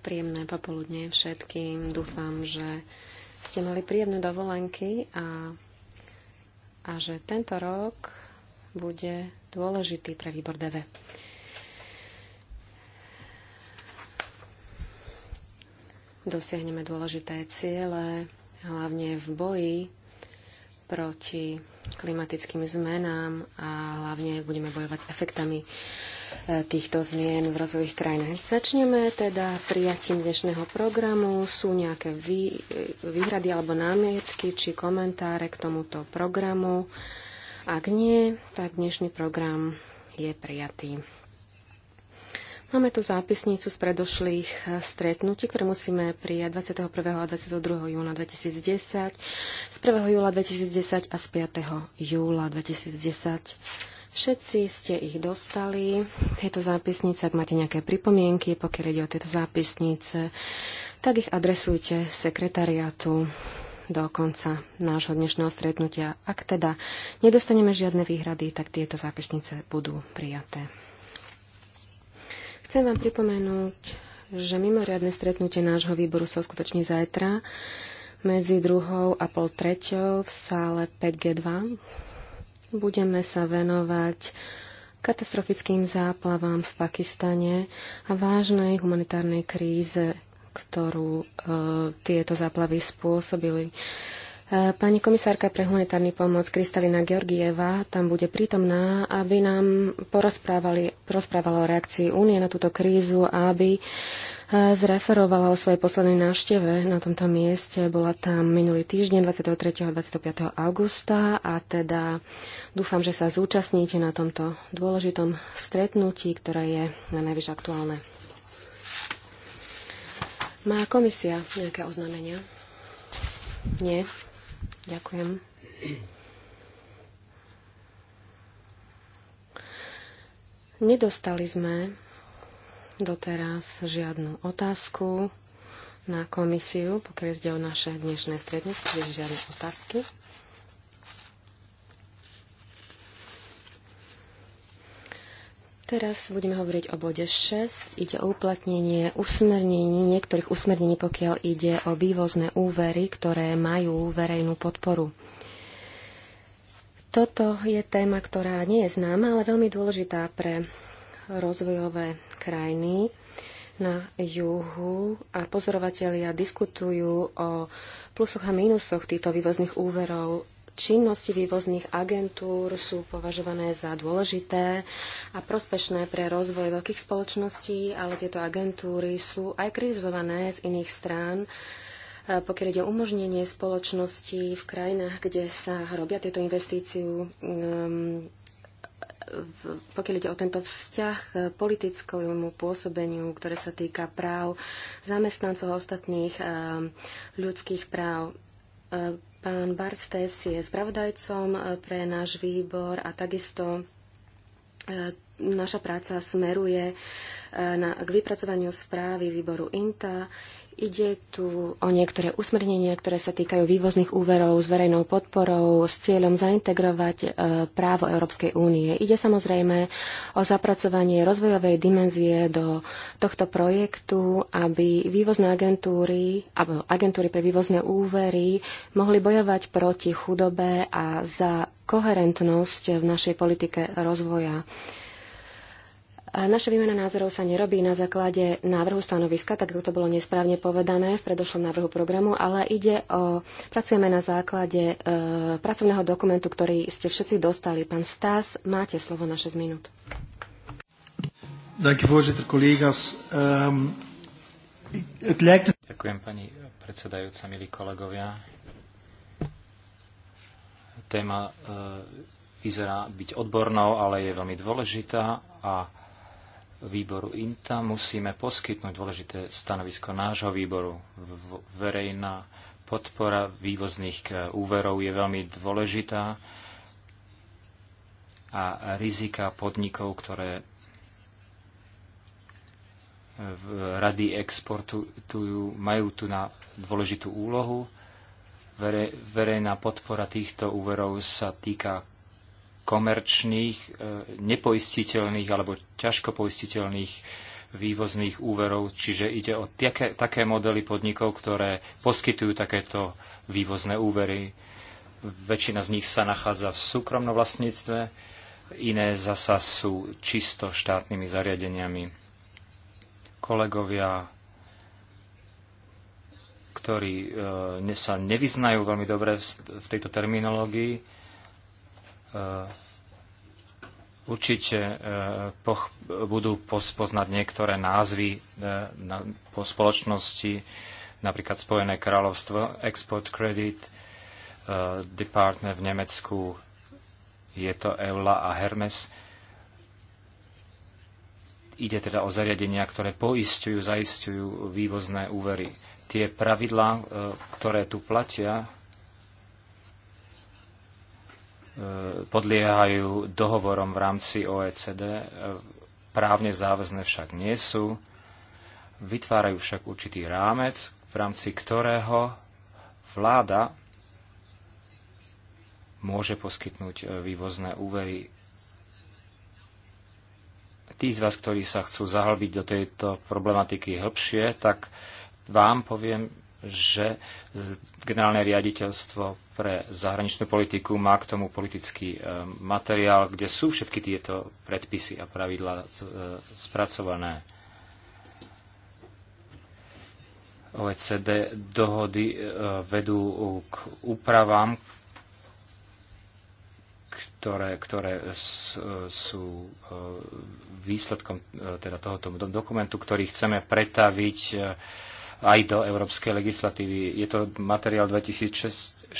Príjemné popoludne všetkým. Dúfam, že ste mali príjemné dovolenky a, a že tento rok bude dôležitý pre výbor DV. Dosiahneme dôležité ciele, hlavne v boji proti klimatickým zmenám a hlavne budeme bojovať s efektami týchto zmien v rozvojových krajinách. Začneme teda prijatím dnešného programu. Sú nejaké vý, výhrady alebo námietky či komentáre k tomuto programu? Ak nie, tak dnešný program je prijatý. Máme tu zápisnicu z predošlých stretnutí, ktoré musíme prijať 21. a 22. júna 2010, z 1. júla 2010 a z 5. júla 2010. Všetci ste ich dostali. Tieto zápisnice, ak máte nejaké pripomienky, pokiaľ ide o tieto zápisnice, tak ich adresujte sekretariátu do konca nášho dnešného stretnutia. Ak teda nedostaneme žiadne výhrady, tak tieto zápisnice budú prijaté. Chcem vám pripomenúť, že mimoriadne stretnutie nášho výboru sa uskutoční zajtra medzi druhou a pol treťou v sále 5G2 budeme sa venovať katastrofickým záplavám v Pakistane a vážnej humanitárnej kríze, ktorú e, tieto záplavy spôsobili. E, Pani komisárka pre humanitárny pomoc Kristalina Georgieva tam bude prítomná, aby nám porozprávala o reakcii únie na túto krízu a aby e, zreferovala o svojej poslednej návšteve na tomto mieste. Bola tam minulý týždeň 23. a 25. augusta a teda dúfam, že sa zúčastníte na tomto dôležitom stretnutí, ktoré je na najvyš aktuálne. Má komisia nejaké oznámenia? Nie. Ďakujem. Nedostali sme doteraz žiadnu otázku na komisiu, pokiaľ ide o naše dnešné stretnutie, žiadne otázky. Teraz budeme hovoriť o bode 6. Ide o uplatnenie usmernení, niektorých usmernení, pokiaľ ide o vývozné úvery, ktoré majú verejnú podporu. Toto je téma, ktorá nie je známa, ale veľmi dôležitá pre rozvojové krajiny na juhu a pozorovatelia diskutujú o plusoch a mínusoch týchto vývozných úverov činnosti vývozných agentúr sú považované za dôležité a prospešné pre rozvoj veľkých spoločností, ale tieto agentúry sú aj kritizované z iných strán, e, pokiaľ ide o umožnenie spoločnosti v krajinách, kde sa robia tieto investíciu, e, pokiaľ ide o tento vzťah k politickému pôsobeniu, ktoré sa týka práv zamestnancov a ostatných e, ľudských práv Pán Barstes je spravodajcom eh, pre náš výbor a takisto eh, naša práca smeruje eh, na, k vypracovaniu správy výboru INTA. Ide tu o niektoré usmernenia, ktoré sa týkajú vývozných úverov s verejnou podporou s cieľom zaintegrovať e, právo Európskej únie. Ide samozrejme o zapracovanie rozvojovej dimenzie do tohto projektu, aby vývozné agentúry alebo agentúry pre vývozné úvery mohli bojovať proti chudobe a za koherentnosť v našej politike rozvoja. Naša výmena názorov sa nerobí na základe návrhu stanoviska, tak ako to bolo nesprávne povedané v predošlom návrhu programu, ale ide o... Pracujeme na základe e, pracovného dokumentu, ktorý ste všetci dostali. Pán Stas, máte slovo na 6 minút. Ehm, Ďakujem, pani predsedajúca, milí kolegovia. Téma e, vyzerá byť odbornou, ale je veľmi dôležitá a výboru INTA musíme poskytnúť dôležité stanovisko nášho výboru. Verejná podpora vývozných eh, úverov je veľmi dôležitá a rizika podnikov, ktoré eh, rady exportujú, majú tu na dôležitú úlohu. Verejná podpora týchto úverov sa týka komerčných, e, nepoistiteľných alebo ťažko poistiteľných vývozných úverov, čiže ide o také, také modely podnikov, ktoré poskytujú takéto vývozné úvery. Väčšina z nich sa nachádza v súkromnom vlastníctve, iné zasa sú čisto štátnymi zariadeniami. Kolegovia, ktorí e, sa nevyznajú veľmi dobre v, v tejto terminológii, E, určite e, budú poznať niektoré názvy e, po spoločnosti, napríklad Spojené kráľovstvo, Export Credit, Department v Nemecku, je to Eula a Hermes. Ide teda o zariadenia, ktoré poistujú, zaistujú vývozné úvery. Tie pravidlá, ktoré tu platia, podliehajú dohovorom v rámci OECD, právne záväzne však nie sú, vytvárajú však určitý rámec, v rámci ktorého vláda môže poskytnúť e, vývozné úvery. Tí z vás, ktorí sa chcú zahlbiť do tejto problematiky hĺbšie, tak vám poviem, že generálne riaditeľstvo pre zahraničnú politiku má k tomu politický e, materiál, kde sú všetky tieto predpisy a pravidla e, spracované. OECD dohody e, vedú k úpravám, ktoré, ktoré sú výsledkom teda tohoto dokumentu, ktorý chceme pretaviť aj do európskej legislatívy. Je to materiál 2460,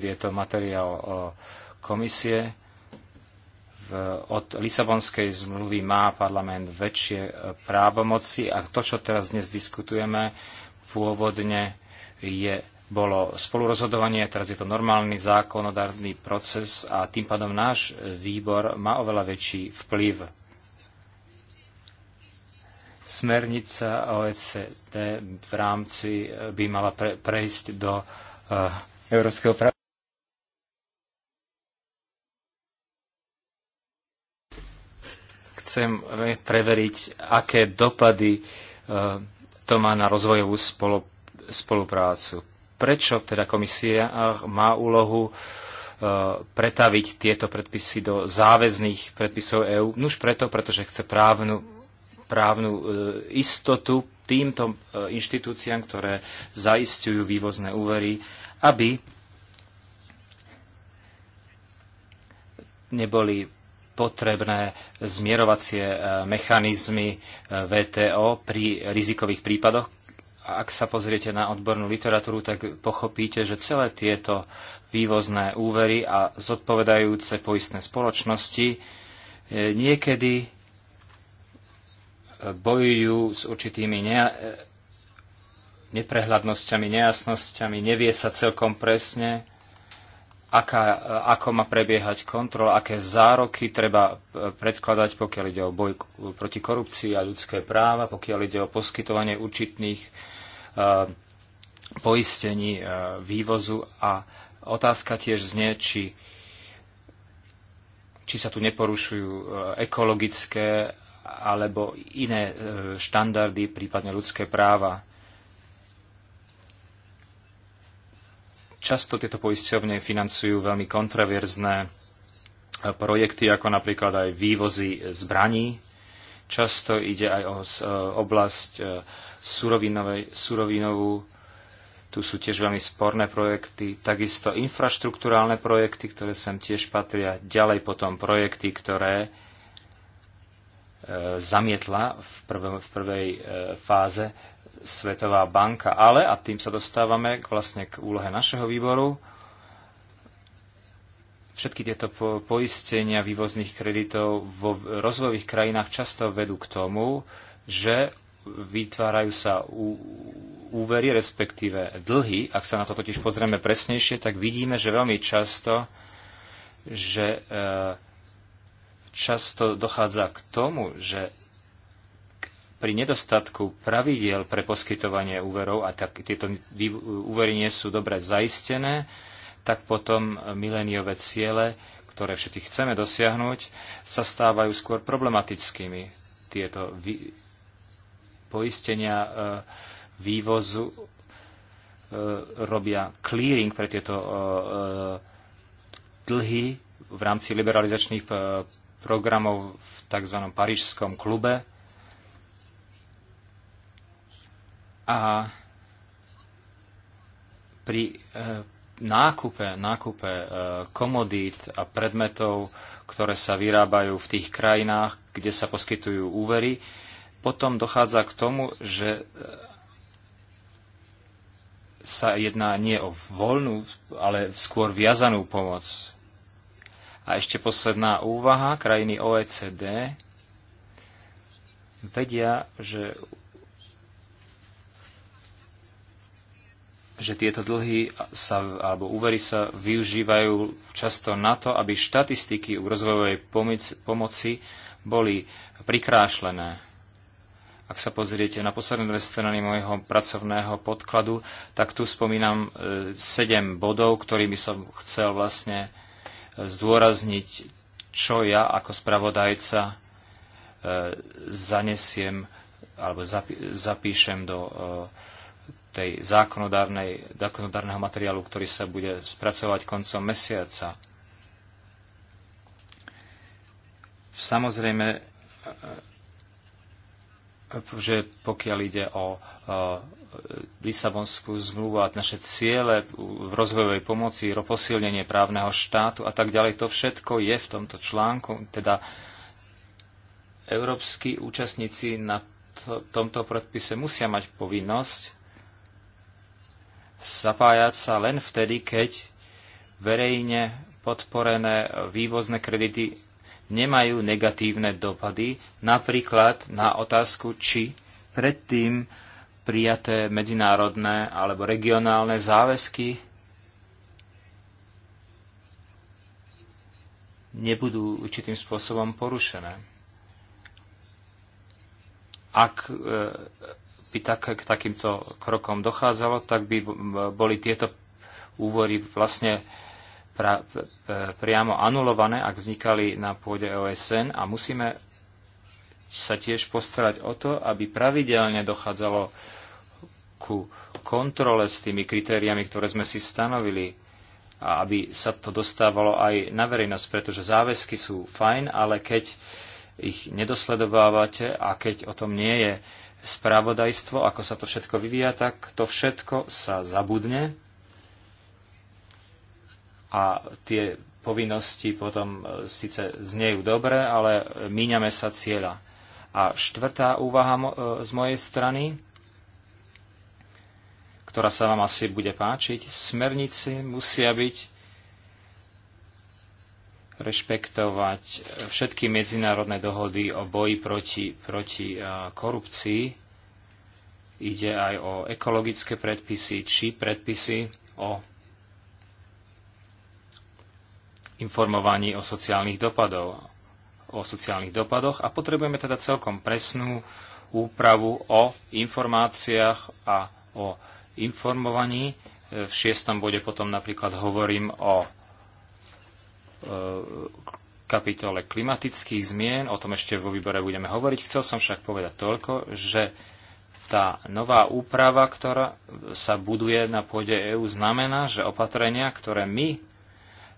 je to materiál komisie. V, od Lisabonskej zmluvy má parlament väčšie e, právomoci a to, čo teraz dnes diskutujeme, pôvodne je bolo spolurozhodovanie, teraz je to normálny zákonodárny proces a tým pádom náš e, výbor má oveľa väčší vplyv Smernica OECD v rámci eh, by mala pre, prejsť do eh, európskeho práva. Chcem preveriť, aké dopady eh, to má na rozvojovú spoluprácu. Prečo teda komisia má úlohu pretaviť tieto predpisy do záväzných predpisov EÚ? Nuž preto, pretože chce právnu právnu e, istotu týmto e, inštitúciám, ktoré zaistujú vývozné úvery, aby neboli potrebné zmierovacie e, mechanizmy VTO pri rizikových prípadoch. Ak sa pozriete na odbornú literatúru, tak pochopíte, že celé tieto vývozné úvery a zodpovedajúce poistné spoločnosti niekedy bojujú s určitými neprehľadnosťami, nejasnosťami, nevie sa celkom presne, aká, ako má prebiehať kontrola, aké zároky treba e, predkladať, pokiaľ ide o boj proti korupcii a ľudské práva, pokiaľ ide o poskytovanie určitných e, poistení e, vývozu a otázka tiež znie, či či sa tu neporušujú ekologické alebo iné e, štandardy, prípadne ľudské práva. Často tieto poisťovne financujú veľmi kontroverzné e, projekty, ako napríklad aj vývozy zbraní. Často ide aj o e, oblasť surovinovú. Tu sú tiež veľmi sporné projekty. Takisto infraštruktúrálne projekty, ktoré sem tiež patria. Ďalej potom projekty, ktoré E, zamietla v, v prvej e, fáze Svetová banka. Ale, a tým sa dostávame vlastne k úlohe našeho výboru, všetky tieto poistenia vývozných kreditov vo rozvojových krajinách často vedú k tomu, že vytvárajú sa úvery, respektíve dlhy. Ak sa na to totiž pozrieme presnejšie, tak vidíme, že veľmi často, že e, často dochádza k tomu, že pri nedostatku pravidiel pre poskytovanie úverov, a tak tieto úvery nie sú dobre zaistené, tak potom mileniové ciele, ktoré všetci chceme dosiahnuť, sa stávajú skôr problematickými. Tieto vý... poistenia e, vývozu e, robia clearing pre tieto e, dlhy v rámci liberalizačných programov v tzv. Parížskom klube. A pri e, nákupe, nákupe e, komodít a predmetov, ktoré sa vyrábajú v tých krajinách, kde sa poskytujú úvery, potom dochádza k tomu, že e, sa jedná nie o voľnú, ale skôr viazanú pomoc. A ešte posledná úvaha. Krajiny OECD vedia, že že tieto dlhy sa, alebo úvery sa využívajú často na to, aby štatistiky u rozvojovej pomoci boli prikrášlené. Ak sa pozriete na posledné dve strany môjho pracovného podkladu, tak tu spomínam e, sedem bodov, ktorými som chcel vlastne zdôrazniť, čo ja ako spravodajca e, zanesiem alebo zapíšem do e, tej zákonodárnej, zákonodárneho materiálu, ktorý sa bude spracovať koncom mesiaca. Samozrejme, e, že pokiaľ ide o Lisabonskú zmluvu a naše ciele v rozvojovej pomoci, posilnenie právneho štátu a tak ďalej, to všetko je v tomto článku. Teda európsky účastníci na to, tomto predpise musia mať povinnosť zapájať sa len vtedy, keď verejne podporené vývozné kredity nemajú negatívne dopady, napríklad na otázku, či predtým prijaté medzinárodné alebo regionálne záväzky nebudú určitým spôsobom porušené. Ak e, by tak, k takýmto krokom dochádzalo, tak by boli tieto úvory vlastne pra, priamo anulované, ak vznikali na pôde OSN a musíme sa tiež postarať o to, aby pravidelne dochádzalo ku kontrole s tými kritériami, ktoré sme si stanovili a aby sa to dostávalo aj na verejnosť, pretože záväzky sú fajn, ale keď ich nedosledovávate a keď o tom nie je spravodajstvo, ako sa to všetko vyvíja, tak to všetko sa zabudne a tie povinnosti potom e, síce znejú dobre, ale míňame sa cieľa. A štvrtá úvaha e, z mojej strany, ktorá sa vám asi bude páčiť. Smernici musia byť rešpektovať všetky medzinárodné dohody o boji proti, proti korupcii. Ide aj o ekologické predpisy či predpisy o informovaní o sociálnych dopadov o sociálnych dopadoch a potrebujeme teda celkom presnú úpravu o informáciách a o informovaní. E, v šiestom bode potom napríklad hovorím o e, kapitole klimatických zmien, o tom ešte vo výbore budeme hovoriť. Chcel som však povedať toľko, že tá nová úprava, ktorá sa buduje na pôde EÚ, znamená, že opatrenia, ktoré my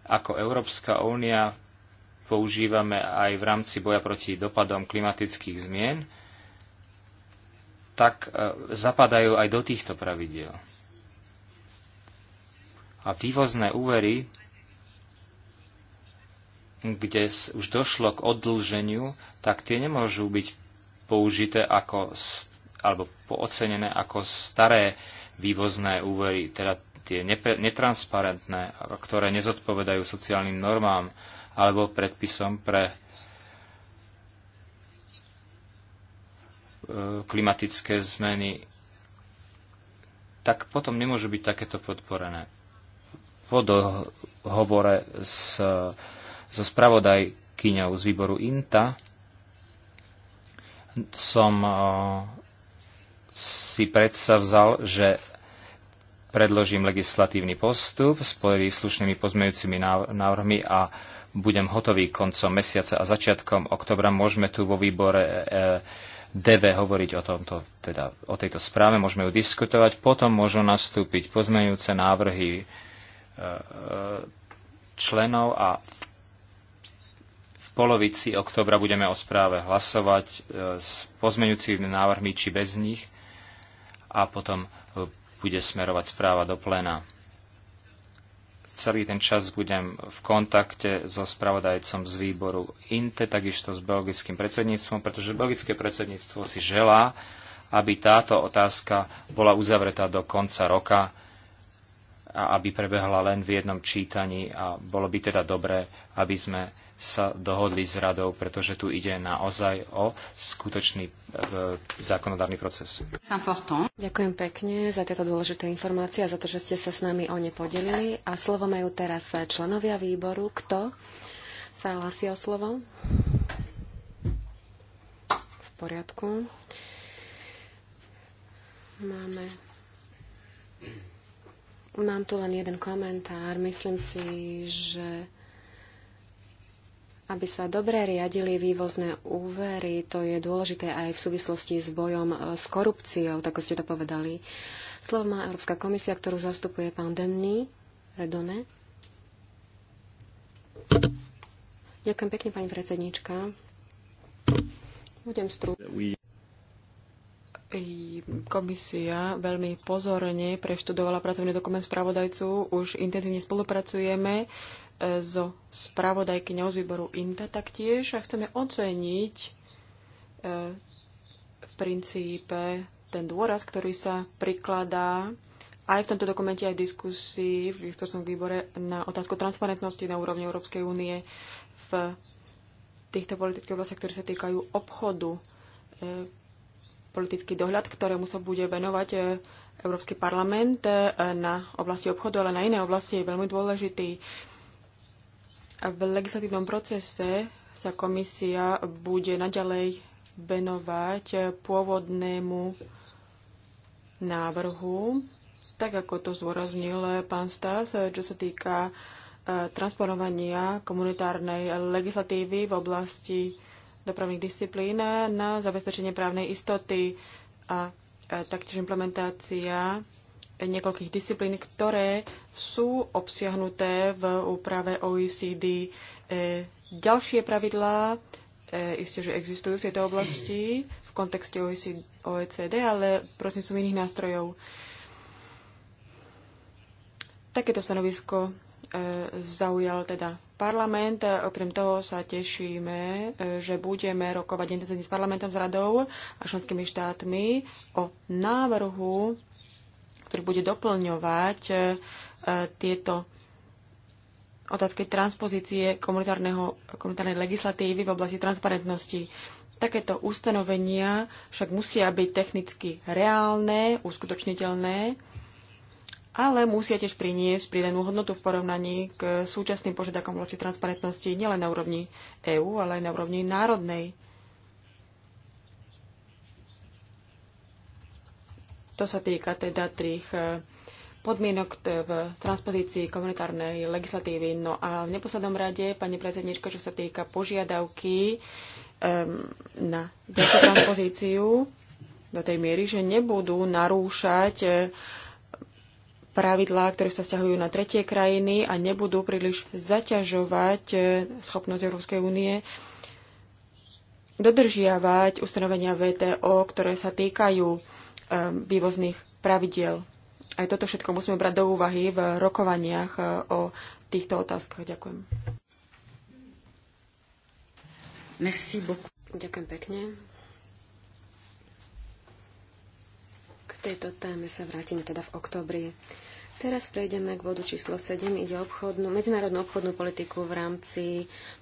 ako Európska únia používame aj v rámci boja proti dopadom klimatických zmien, tak e, zapadajú aj do týchto pravidiel. A vývozné úvery, kde už došlo k odlženiu, tak tie nemôžu byť použité ako, alebo ocenené ako staré vývozné úvery, teda tie netransparentné, ktoré nezodpovedajú sociálnym normám alebo predpisom pre E, klimatické zmeny, tak potom nemôžu byť takéto podporené. Po dohovore s, so spravodajkyňou z výboru INTA som e, si predsa vzal, že predložím legislatívny postup s príslušnými pozmejúcimi návrhmi a budem hotový koncom mesiaca a začiatkom oktobra. Môžeme tu vo výbore e, DV hovoriť o, tomto, teda, o tejto správe, môžeme ju diskutovať, potom môžu nastúpiť pozmeňujúce návrhy e, e, členov a v polovici oktobra budeme o správe hlasovať e, s pozmeňujúcimi návrhmi či bez nich a potom bude smerovať správa do pléna celý ten čas budem v kontakte so spravodajcom z výboru INTE, takisto s belgickým predsedníctvom, pretože belgické predsedníctvo si želá, aby táto otázka bola uzavretá do konca roka a aby prebehla len v jednom čítaní a bolo by teda dobré, aby sme sa dohodli s radou, pretože tu ide naozaj o skutočný e, zákonodárny proces. Ďakujem pekne za tieto dôležité informácie a za to, že ste sa s nami o ne podelili. A slovo majú teraz členovia výboru. Kto sa hlasí o slovo? V poriadku. Máme Mám tu len jeden komentár. Myslím si, že aby sa dobre riadili vývozné úvery, to je dôležité aj v súvislosti s bojom e, s korupciou, tak ste to povedali. Slovo má Európska komisia, ktorú zastupuje pán Denny Redone. Ďakujem pekne, pani predsednička. Budem stručný. Komisia veľmi pozorne preštudovala pracovný dokument spravodajcu. Už intenzívne spolupracujeme e, so spravodajkyňou z výboru INTA taktiež a chceme oceniť e, v princípe ten dôraz, ktorý sa prikladá aj v tomto dokumente, aj v diskusii v gestorskom výbore na otázku transparentnosti na úrovni Európskej únie v týchto politických oblastiach, ktoré sa týkajú obchodu e, politický dohľad, ktorému sa bude venovať e, Európsky parlament e, na oblasti obchodu, ale na iné oblasti je veľmi dôležitý. V legislatívnom procese sa komisia bude naďalej venovať e, pôvodnému návrhu, tak ako to zdôraznil pán Stas, čo sa týka transponovania komunitárnej legislatívy v oblasti dopravných disciplín na zabezpečenie právnej istoty a taktiež implementácia niekoľkých disciplín, ktoré sú obsiahnuté v úprave OECD. E, ďalšie pravidlá e, isté, že existujú v tejto oblasti v kontexte OECD, e ale prosím sú iných nástrojov. Takéto stanovisko zaujal teda parlament. Okrem toho sa tešíme, e, že budeme rokovať intenzívne s parlamentom, s radou a členskými štátmi o návrhu, ktorý bude doplňovať e, tieto otázky transpozície komunitárnej legislatívy v oblasti transparentnosti. Takéto ustanovenia však musia byť technicky reálne, uskutočniteľné ale musia tiež priniesť pridanú hodnotu v porovnaní k súčasným požiadavkom v transparentnosti nielen na úrovni EÚ, ale aj na úrovni národnej. To sa týka teda tých e, podmienok v transpozícii komunitárnej legislatívy. No a v neposlednom rade, pani predsednička, čo sa týka požiadavky um, na ďalšiu transpozíciu do tej miery, že nebudú narúšať uh, pravidlá, ktoré sa vzťahujú na tretie krajiny a nebudú príliš zaťažovať e, schopnosť Európskej únie dodržiavať ustanovenia VTO, ktoré sa týkajú e, vývozných pravidiel. Aj toto všetko musíme brať do úvahy v rokovaniach e, o týchto otázkach. Ďakujem. Merci beaucoup. Ďakujem pekne. tejto téme sa vrátime teda v oktobri. Teraz prejdeme k bodu číslo 7. Ide obchodnú, medzinárodnú obchodnú politiku v rámci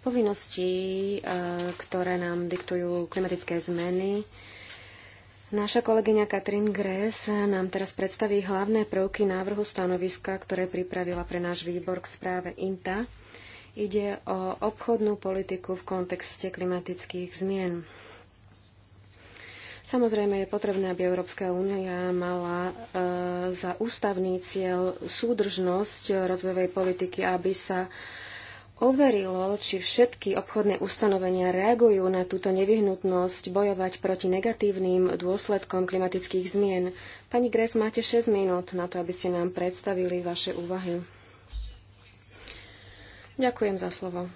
povinností, e, ktoré nám diktujú klimatické zmeny. Naša kolegyňa Katrin Gress nám teraz predstaví hlavné prvky návrhu stanoviska, ktoré pripravila pre náš výbor k správe INTA. Ide o obchodnú politiku v kontexte klimatických zmien. Samozrejme je potrebné, aby Európska únia mala e, za ústavný cieľ súdržnosť rozvojovej politiky, aby sa overilo, či všetky obchodné ustanovenia reagujú na túto nevyhnutnosť bojovať proti negatívnym dôsledkom klimatických zmien. Pani Gres, máte 6 minút na to, aby ste nám predstavili vaše úvahy. Ďakujem za slovo.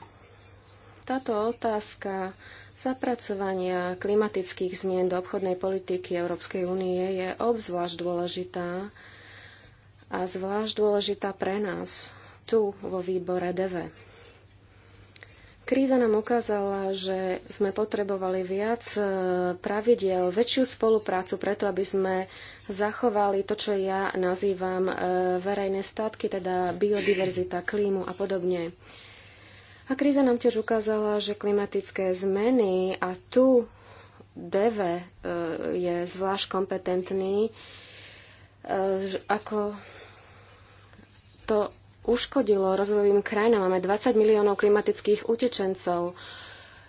Táto otázka Zapracovania klimatických zmien do obchodnej politiky Európskej únie je obzvlášť dôležitá a zvlášť dôležitá pre nás tu vo výbore DV. Kríza nám ukázala, že sme potrebovali viac e, pravidiel, väčšiu spoluprácu preto, aby sme zachovali to, čo ja nazývam e, verejné statky, teda biodiverzita, klímu a podobne. A kríza nám tiež ukázala, že klimatické zmeny a tu DV e, je zvlášť kompetentný, e, ako to uškodilo rozvojovým krajinám. Máme 20 miliónov klimatických utečencov.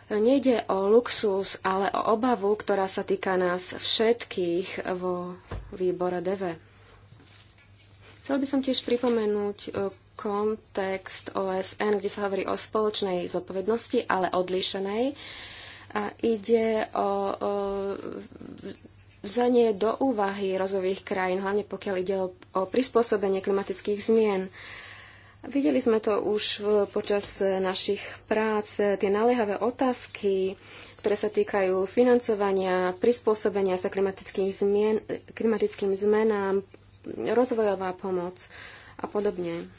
Nejde o luxus, ale o obavu, ktorá sa týka nás všetkých vo výbore DV. Chcel by som tiež pripomenúť e, kontext OSN, kde sa hovorí o spoločnej zodpovednosti, ale odlišenej. A ide o, o vzanie do úvahy rozových krajín, hlavne pokiaľ ide o, o prispôsobenie klimatických zmien. Videli sme to už počas našich prác, tie naliehavé otázky, ktoré sa týkajú financovania, prispôsobenia sa klimatickým, zmien, klimatickým zmenám, rozvojová pomoc a podobne.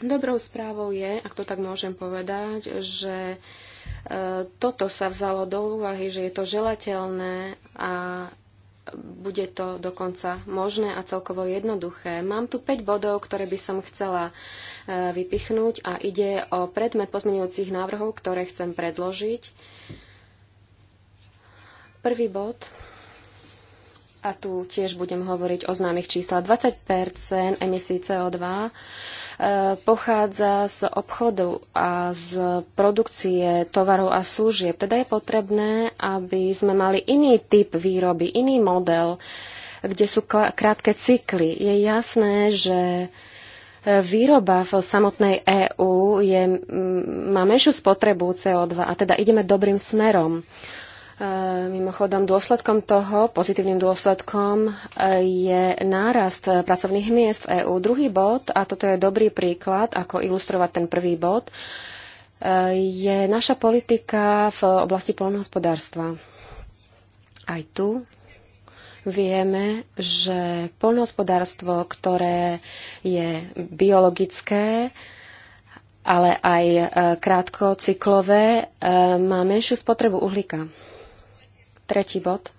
Dobrou správou je, ak to tak môžem povedať, že e, toto sa vzalo do úvahy, že je to želateľné a bude to dokonca možné a celkovo jednoduché. Mám tu 5 bodov, ktoré by som chcela e, vypichnúť a ide o predmet pozmeňujúcich návrhov, ktoré chcem predložiť. Prvý bod a tu tiež budem hovoriť o známych číslach. 20 emisí CO2 pochádza z obchodu a z produkcie tovarov a služieb. Teda je potrebné, aby sme mali iný typ výroby, iný model, kde sú krátke cykly. Je jasné, že e, výroba v samotnej EÚ má menšiu spotrebu CO2 a teda ideme dobrým smerom. E, mimochodom, dôsledkom toho, pozitívnym dôsledkom e, je nárast e, pracovných miest v EÚ. Druhý bod, a toto je dobrý príklad, ako ilustrovať ten prvý bod, je naša politika v oblasti polnohospodárstva. Aj tu vieme, že polnohospodárstvo, ktoré je biologické, ale aj krátkocyklové, má menšiu spotrebu uhlíka. Tretí bod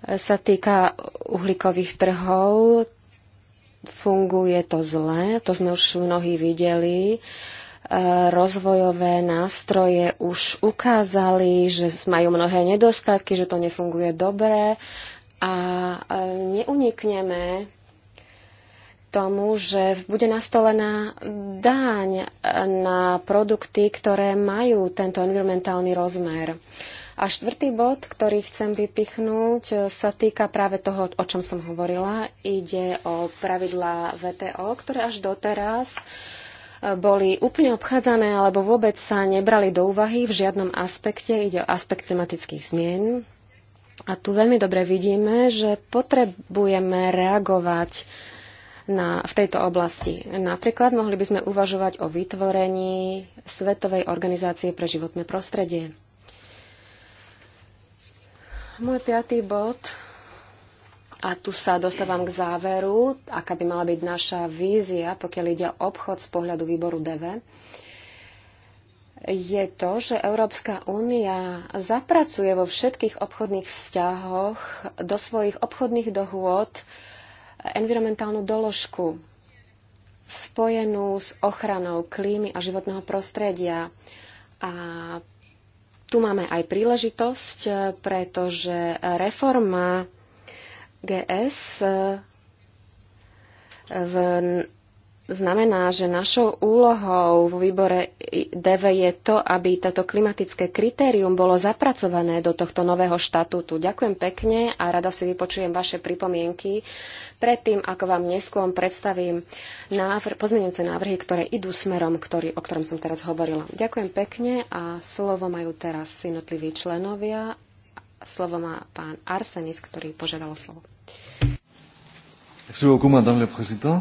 sa týka uhlíkových trhov. Funguje to zle, to sme už mnohí videli. E, rozvojové nástroje už ukázali, že majú mnohé nedostatky, že to nefunguje dobre a e, neunikneme tomu, že bude nastolená dáň na produkty, ktoré majú tento environmentálny rozmer. A štvrtý bod, ktorý chcem vypichnúť, e, sa týka práve toho, o čom som hovorila. Ide o pravidlá VTO, ktoré až doteraz e, boli úplne obchádzané alebo vôbec sa nebrali do úvahy v žiadnom aspekte. Ide o aspekt klimatických zmien. A tu veľmi dobre vidíme, že potrebujeme reagovať na, v tejto oblasti. Napríklad mohli by sme uvažovať o vytvorení Svetovej organizácie pre životné prostredie. Môj piatý bod, a tu sa dostávam k záveru, aká by mala byť naša vízia, pokiaľ ide o obchod z pohľadu výboru DV, je to, že Európska únia zapracuje vo všetkých obchodných vzťahoch do svojich obchodných dohôd environmentálnu doložku spojenú s ochranou klímy a životného prostredia. A tu máme aj príležitosť, e, pretože reforma GS e, v znamená, že našou úlohou vo výbore DV je to, aby toto klimatické kritérium bolo zapracované do tohto nového štatútu. Ďakujem pekne a rada si vypočujem vaše pripomienky predtým, ako vám neskôr predstavím návr- pozmeňujúce návrhy, ktoré idú smerom, ktorý, o ktorom som teraz hovorila. Ďakujem pekne a slovo majú teraz jednotliví členovia. Slovo má pán Arsenis, ktorý požiadal slovo. Merci beaucoup, madame la présidente.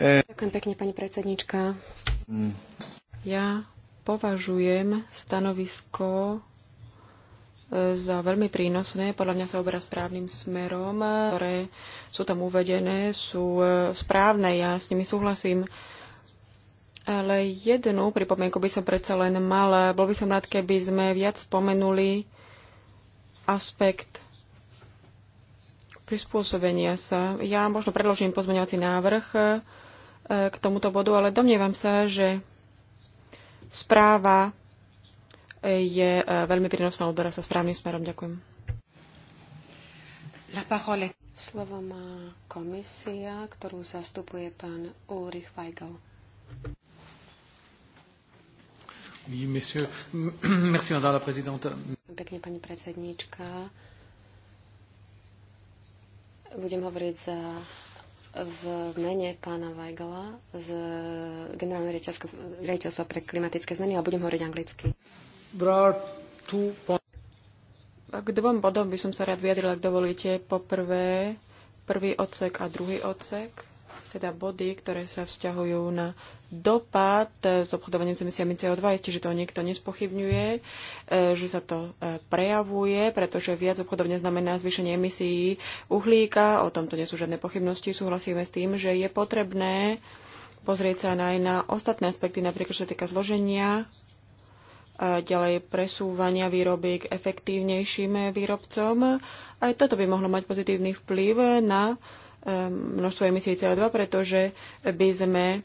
Ďakujem pekne, pani predsednička. Mm. Ja považujem stanovisko e, za veľmi prínosné. Podľa mňa sa oberá správnym smerom, e, ktoré sú tam uvedené, sú e, správne, ja s nimi súhlasím. Ale jednu pripomienku by som predsa len mal, Bol by som rád, keby sme viac spomenuli aspekt prispôsobenia sa. Ja možno predložím pozmeňovací návrh, E, k tomuto bodu, ale domnievam sa, že správa je e, veľmi prínosná, odberá sa správnym smerom. Ďakujem. La parole. Slovo má komisia, ktorú zastupuje pán Ulrich Weigel. Oui, monsieur. Merci, madame la présidente. Pekne, pani predsedníčka. Budem hovoriť za v mene pána Weigela z generálneho riaditeľstva pre klimatické zmeny, ale budem hovoriť anglicky. K dvom bodom by som sa rád vyjadrila, ak dovolíte. Poprvé, prvý odsek a druhý odsek, teda body, ktoré sa vzťahujú na dopad s obchodovaním s emisiami CO2, isté, že to niekto nespochybňuje, e, že sa to e, prejavuje, pretože viac obchodovne znamená zvýšenie emisí uhlíka, o tomto nie sú žiadne pochybnosti, súhlasíme s tým, že je potrebné pozrieť sa aj na ostatné aspekty, napríklad čo sa týka zloženia, e, ďalej presúvania výroby k efektívnejším výrobcom. Aj toto by mohlo mať pozitívny vplyv na množstvo emisí CO2, pretože by sme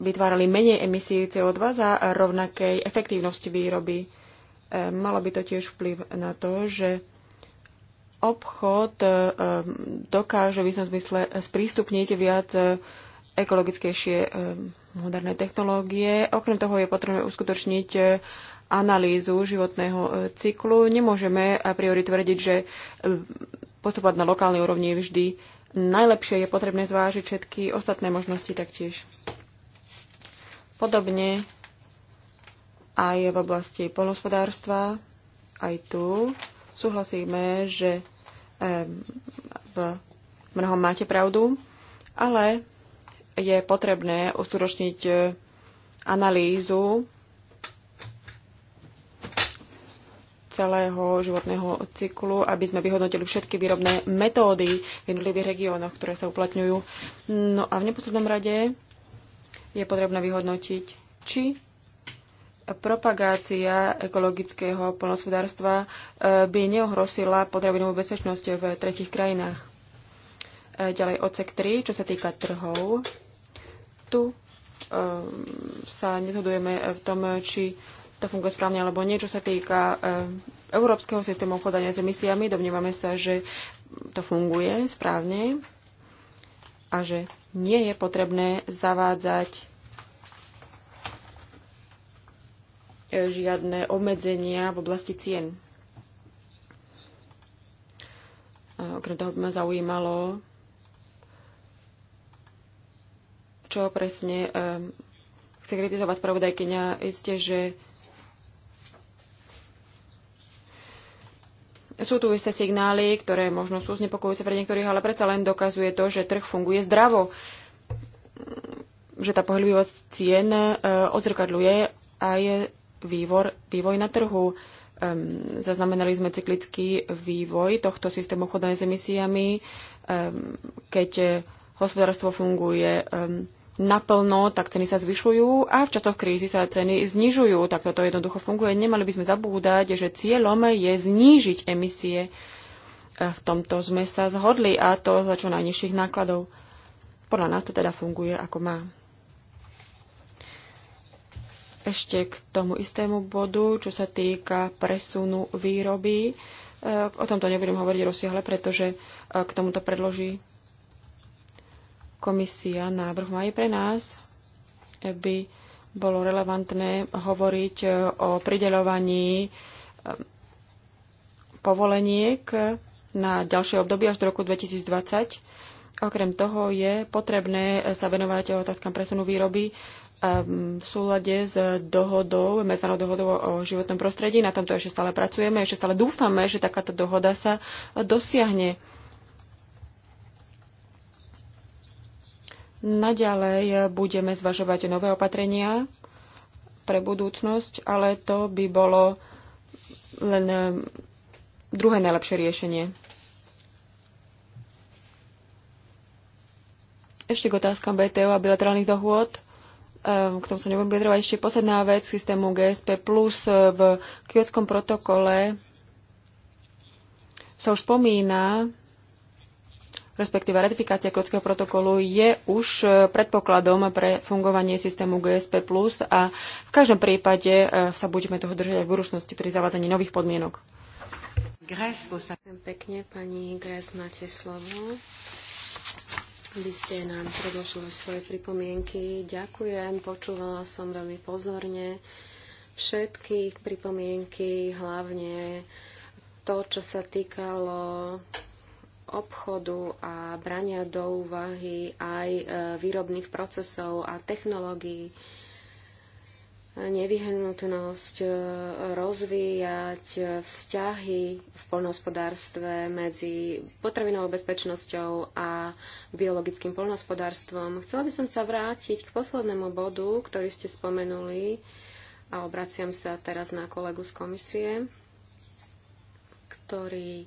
vytvárali menej emisí CO2 za rovnakej efektívnosti výroby. E, malo by to tiež vplyv na to, že obchod e, dokáže v istom zmysle sprístupniť viac ekologickejšie e, moderné technológie. Okrem toho je potrebné uskutočniť analýzu životného cyklu. Nemôžeme a priori tvrdiť, že postupovať na lokálnej úrovni je vždy najlepšie. Je potrebné zvážiť všetky ostatné možnosti taktiež. Podobne aj v oblasti polnospodárstva, aj tu súhlasíme, že v mnohom máte pravdu, ale je potrebné ustúročniť e, analýzu celého životného cyklu, aby sme vyhodnotili všetky výrobné metódy v jednotlivých regiónoch, ktoré sa uplatňujú. No a v neposlednom rade je potrebné vyhodnotiť, či propagácia ekologického polnospodárstva e, by neohrosila potravinovú bezpečnosť v tretich krajinách. E, ďalej odsek 3, čo sa týka trhov. Tu e, sa nezhodujeme v tom, či to funguje správne alebo nie. Čo sa týka európskeho systému obchodania s emisiami, domnievame sa, že to funguje správne a že nie je potrebné zavádzať eh, žiadne obmedzenia v oblasti cien. okrem toho by ma zaujímalo, čo presne eh, chce kritizovať spravodajkyňa. Isté, že Sú tu isté signály, ktoré možno sú znepokojúce pre niektorých, ale predsa len dokazuje to, že trh funguje zdravo. Že tá pohľubivosť cien e, odzrkadľuje aj vývor, vývoj na trhu. Zaznamenali sme cyklický vývoj tohto systému obchodovania s emisiami, keď hospodárstvo funguje naplno, tak ceny sa zvyšujú a v časoch krízy sa ceny znižujú. Tak toto jednoducho funguje. Nemali by sme zabúdať, že cieľom je znížiť emisie. V tomto sme sa zhodli a to za čo najnižších nákladov. Podľa nás to teda funguje ako má. Ešte k tomu istému bodu, čo sa týka presunu výroby. E, o tomto nebudem hovoriť rozsiahle, pretože e, k tomuto predloží komisia návrh má aj pre nás, by bolo relevantné hovoriť e, o prideľovaní e, povoleniek na ďalšie obdobie až do roku 2020. Okrem toho je potrebné sa venovať otázkam presunu výroby e, v súlade s dohodou, medzinárodnou dohodou o životnom prostredí. Na tomto ešte stále pracujeme, ešte stále dúfame, že takáto dohoda sa dosiahne. Naďalej budeme zvažovať nové opatrenia pre budúcnosť, ale to by bolo len eh, druhé najlepšie riešenie. Ešte k otázkam BTO a bilaterálnych dohôd. Ehm, k tomu sa nebudem vyjadrovať. Ešte posledná vec systému GSP+. Plus eh, v kiotskom protokole sa už spomína, respektíve ratifikácia Kľudského protokolu je už e, predpokladom pre fungovanie systému GSP+, a v každom prípade e, sa budeme toho držať aj v budúcnosti pri zavádzaní nových podmienok. Ďakujem pekne, pani Gres, máte slovo aby ste nám predložili svoje pripomienky. Ďakujem, počúvala som veľmi pozorne všetky pripomienky, hlavne to, čo sa týkalo obchodu a brania do úvahy aj e, výrobných procesov a technológií nevyhnutnosť e, rozvíjať e, vzťahy v poľnohospodárstve medzi potravinovou bezpečnosťou a biologickým poľnohospodárstvom. Chcela by som sa vrátiť k poslednému bodu, ktorý ste spomenuli a obraciam sa teraz na kolegu z komisie, ktorý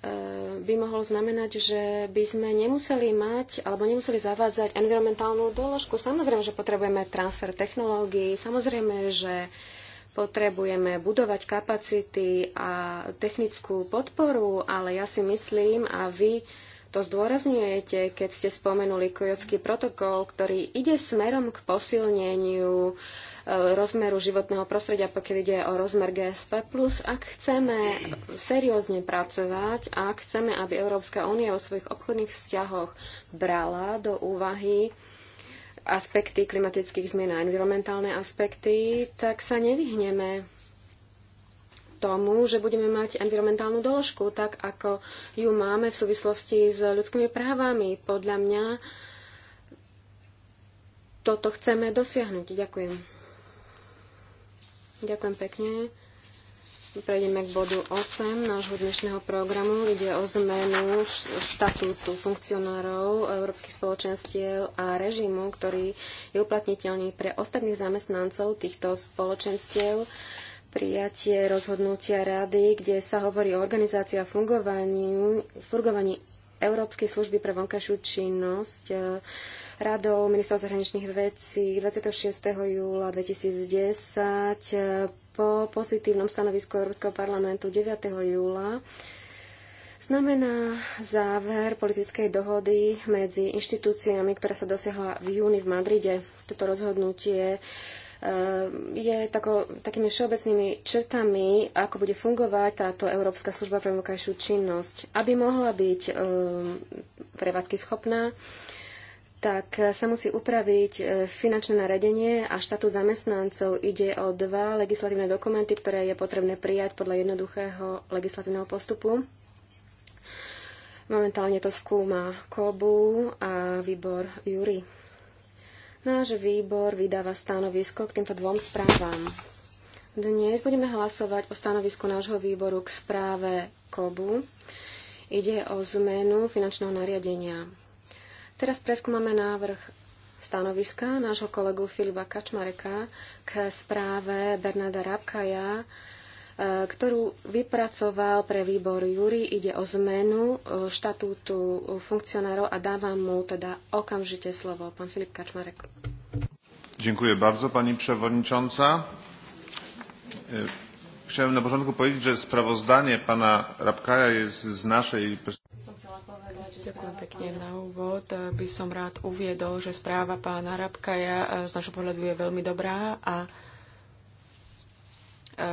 Eh, by mohol znamenať, že by sme nemuseli mať alebo nemuseli zavádzať environmentálnu doložku. Samozrejme, že potrebujeme transfer technológií, samozrejme, že potrebujeme budovať kapacity a technickú podporu, ale ja si myslím a vy to zdôrazňujete, keď ste spomenuli kojotský protokol, ktorý ide smerom k posilneniu uh, Eh, rozmeru životného prostredia, pokiaľ ide o rozmer GSP+. Ak chceme seriózne pracovať a chceme, aby Európska únia vo svojich obchodných vzťahoch brala do úvahy aspekty klimatických zmien a environmentálne aspekty, tak sa nevyhneme tomu, že budeme mať environmentálnu doložku, tak ako ju máme v súvislosti s ľudskými právami. Podľa mňa toto chceme dosiahnuť. Ďakujem. Ďakujem pekne. Prejdeme k bodu 8 nášho dnešného programu. Ide o zmenu štatútu funkcionárov Európskych spoločenstiev a režimu, ktorý je uplatniteľný pre ostatných zamestnancov týchto spoločenstiev. Prijatie rozhodnutia rady, kde sa hovorí o organizácii a fungovaní, fungovaní Európskej služby pre vonkajšiu činnosť radou ministra zahraničných vecí 26. júla 2010 eh, po pozitívnom stanovisku Európskeho parlamentu 9. júla znamená záver politickej dohody medzi inštitúciami, ktorá sa dosiahla v júni v Madride. Toto rozhodnutie eh, je tako, takými všeobecnými črtami, ako bude fungovať táto Európska služba pre vonkajšiu činnosť. Aby mohla byť um, prevádzky schopná, tak sa musí upraviť e, finančné naradenie a štatút zamestnancov. Ide o dva legislatívne dokumenty, ktoré je potrebné prijať podľa jednoduchého legislatívneho postupu. Momentálne to skúma KOBU a výbor Júri. Náš výbor vydáva stanovisko k týmto dvom správam. Dnes budeme hlasovať o stanovisku nášho výboru k správe KOBU. Ide o zmenu finančného nariadenia. Teraz preskúmame návrh stanoviska nášho kolegu Filipa Kačmareka k správe Bernarda Rabkaja, e, ktorú vypracoval pre výbor Júri. Ide o zmenu e, štatútu funkcionárov a dávam mu teda okamžite slovo. Pán Filip Kačmarek. Dziękuję bardzo, pani przewodnicząca. E, chciałem na początku powiedzieć, że sprawozdanie pana Rabkaja jest z naszej perspektywy Ďakujem pekne. Na úvod eh, by som rád uviedol, že správa pána Rabkaja eh, z našho pohľadu je veľmi dobrá a eh,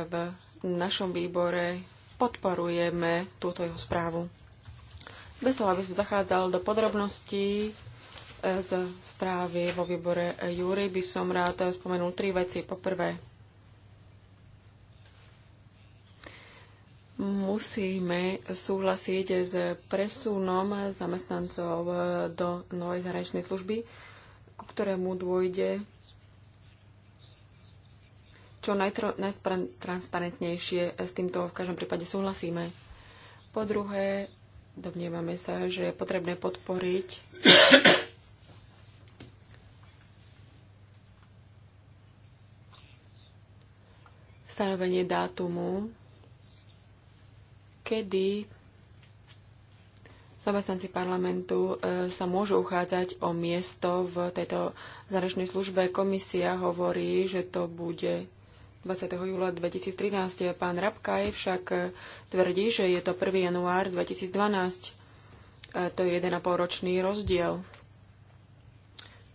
v našom výbore podporujeme túto jeho správu. Bez toho, aby som zachádzal do podrobností z správy vo výbore Júry, by som rád spomenul tri veci. Poprvé, musíme súhlasiť s presunom zamestnancov do novej zahraničnej služby, ku ktorému dôjde čo najtransparentnejšie. S týmto v každom prípade súhlasíme. Po druhé, domnievame sa, že je potrebné podporiť stanovenie dátumu kedy zamestnanci parlamentu e, sa môžu uchádzať o miesto v tejto záročnej službe. Komisia hovorí, že to bude 20. júla 2013. Pán Rabkaj však e, tvrdí, že je to 1. január 2012. E, to je 1,5 ročný rozdiel.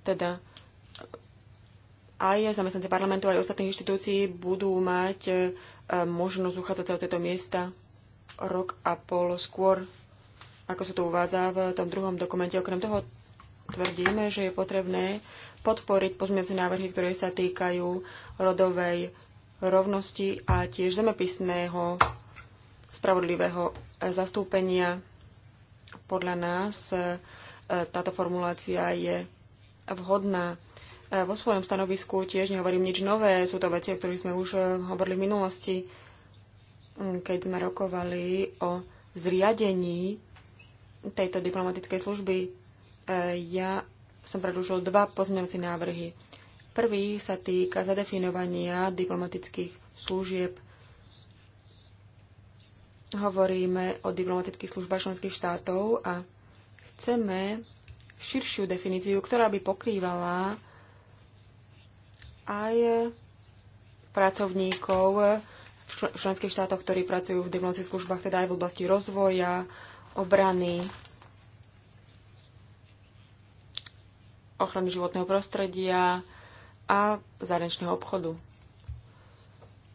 Teda aj zamestnanci parlamentu, aj ostatných inštitúcií budú mať možnosť uchádzať sa o tieto miesta rok a pol skôr, ako sa tu uvádza v tom druhom dokumente. Okrem toho tvrdíme, že je potrebné podporiť pozmiace návrhy, ktoré sa týkajú rodovej rovnosti a tiež zemepisného spravodlivého zastúpenia. Podľa nás e, táto formulácia je vhodná. E, vo svojom stanovisku tiež nehovorím nič nové, sú to veci, o ktorých sme už e, hovorili v minulosti. Mm, keď sme rokovali o zriadení tejto diplomatickej služby, e, ja som predložil dva pozmeňovací návrhy. Prvý sa týka zadefinovania diplomatických služieb. Hovoríme o diplomatických službách členských štátov a chceme širšiu definíciu, ktorá by pokrývala aj pracovníkov členských štátoch, ktorí pracujú v diplomatických službách, teda aj v oblasti rozvoja, obrany, ochrany životného prostredia a zahraničného obchodu.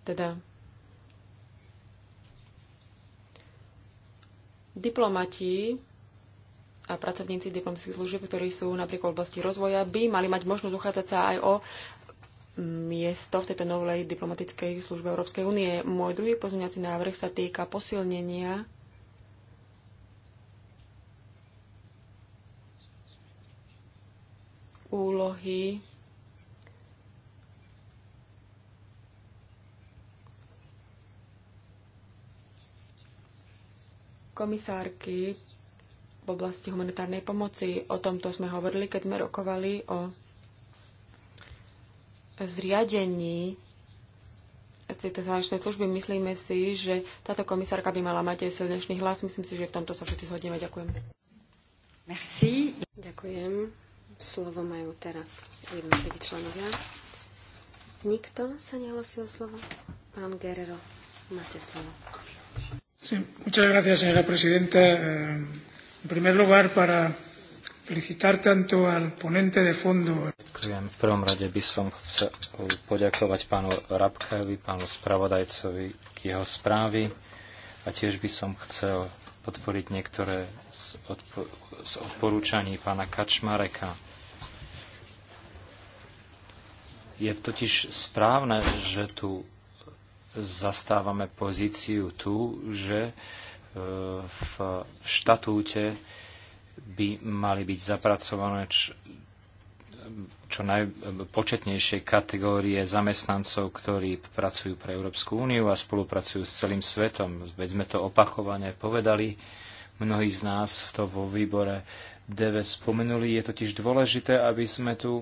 Teda diplomati a pracovníci diplomatických služieb, ktorí sú napríklad v oblasti rozvoja, by mali mať možnosť uchádzať sa aj o miesto v tejto novej diplomatickej službe Európskej únie. Môj druhý pozmeňací návrh sa týka posilnenia úlohy komisárky v oblasti humanitárnej pomoci. O tomto sme hovorili, keď sme rokovali o zriadení tejto zahraničnej služby. Myslíme si, že táto komisárka by mala mať aj silnejší hlas. Myslím si, že v tomto sa všetci zhodneme. Ďakujem. Merci. Ďakujem. Slovo majú teraz jednotliví členovia. Nikto sa nehlasil slovo? Pán Guerrero, máte slovo. Sí, muchas gracias, señora presidenta. Eh, en primer lugar, para felicitar tanto al ponente de fondo. Ďakujem. V prvom rade by som chcel poďakovať pánu Rabkajovi, pánu spravodajcovi k jeho správy a tiež by som chcel podporiť niektoré z, odpo- z odporúčaní pána Kačmareka. Je totiž správne, že tu zastávame pozíciu tu, že e, v štatúte by mali byť zapracované čo najpočetnejšie kategórie zamestnancov, ktorí pracujú pre Európsku úniu a spolupracujú s celým svetom. Veď sme to opakovane povedali, mnohí z nás to vo výbore DV spomenuli. Je totiž dôležité, aby sme tu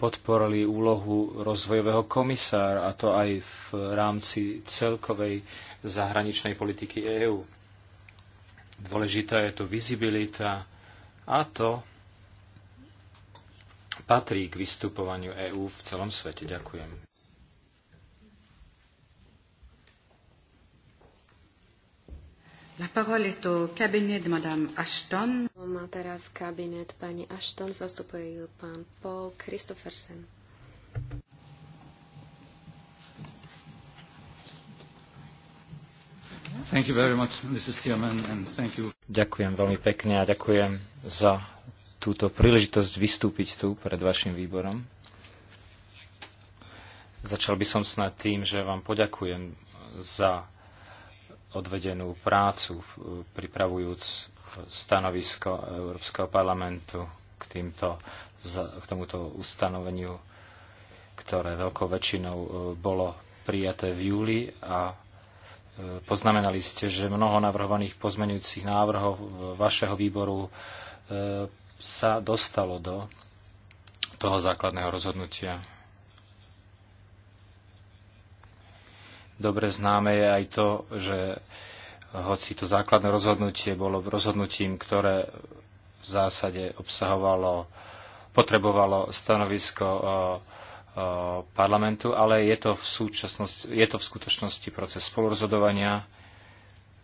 podporili úlohu rozvojového komisára, a to aj v rámci celkovej zahraničnej politiky EÚ. Dôležitá je tu vizibilita a to patrí k vystupovaniu EÚ v celom svete. Ďakujem. La parole est au cabinet de Madame Ashton. Má teraz kabinet pani Ashton, zastupuje ju pán Paul Christophersen. Much, ďakujem veľmi pekne a ďakujem za túto príležitosť vystúpiť tu pred vašim výborom. Začal by som snad tým, že vám poďakujem za odvedenú prácu eh, pripravujúc stanovisko Európskeho parlamentu k, týmto, k tomuto ustanoveniu, ktoré veľkou väčšinou eh, bolo prijaté v júli a Poznamenali ste, že mnoho navrhovaných pozmenujúcich návrhov vašeho výboru e, sa dostalo do toho základného rozhodnutia. Dobre známe je aj to, že hoci to základné rozhodnutie bolo rozhodnutím, ktoré v zásade obsahovalo, potrebovalo stanovisko e, Eh, parlamentu, ale je to v, je to v skutočnosti proces spolurozhodovania.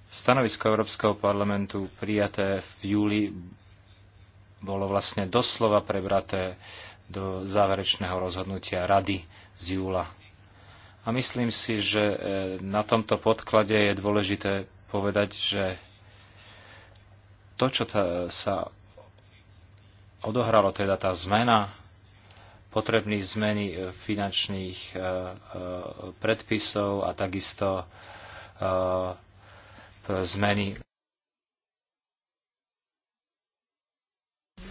Stanovisko Európskeho parlamentu prijaté v júli bolo vlastne doslova prebraté do záverečného rozhodnutia Rady z júla. A myslím si, že eh, na tomto podklade je dôležité povedať, že to, čo sa odohralo, teda tá zmena potrebných zmeny e, finančných e, e, predpisov a takisto zmeny v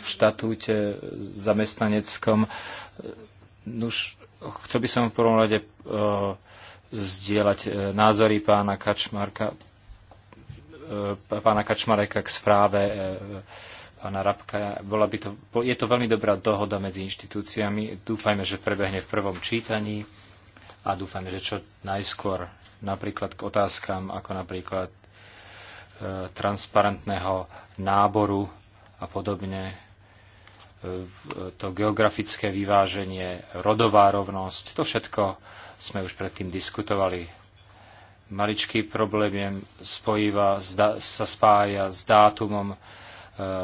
štatúte zamestnaneckom. Nuž, chcel by som v prvom rade zdieľať názory pána Kačmarka, pána Kačmareka k správe pána Rabka. Bola by to, je to veľmi dobrá dohoda medzi inštitúciami. Dúfajme, že prebehne v prvom čítaní a dúfajme, že čo najskôr napríklad k otázkam ako napríklad e, transparentného náboru a podobne e, to geografické vyváženie, rodová rovnosť, to všetko sme už predtým diskutovali. Maličký problém spojíva, zda, sa spája s dátumom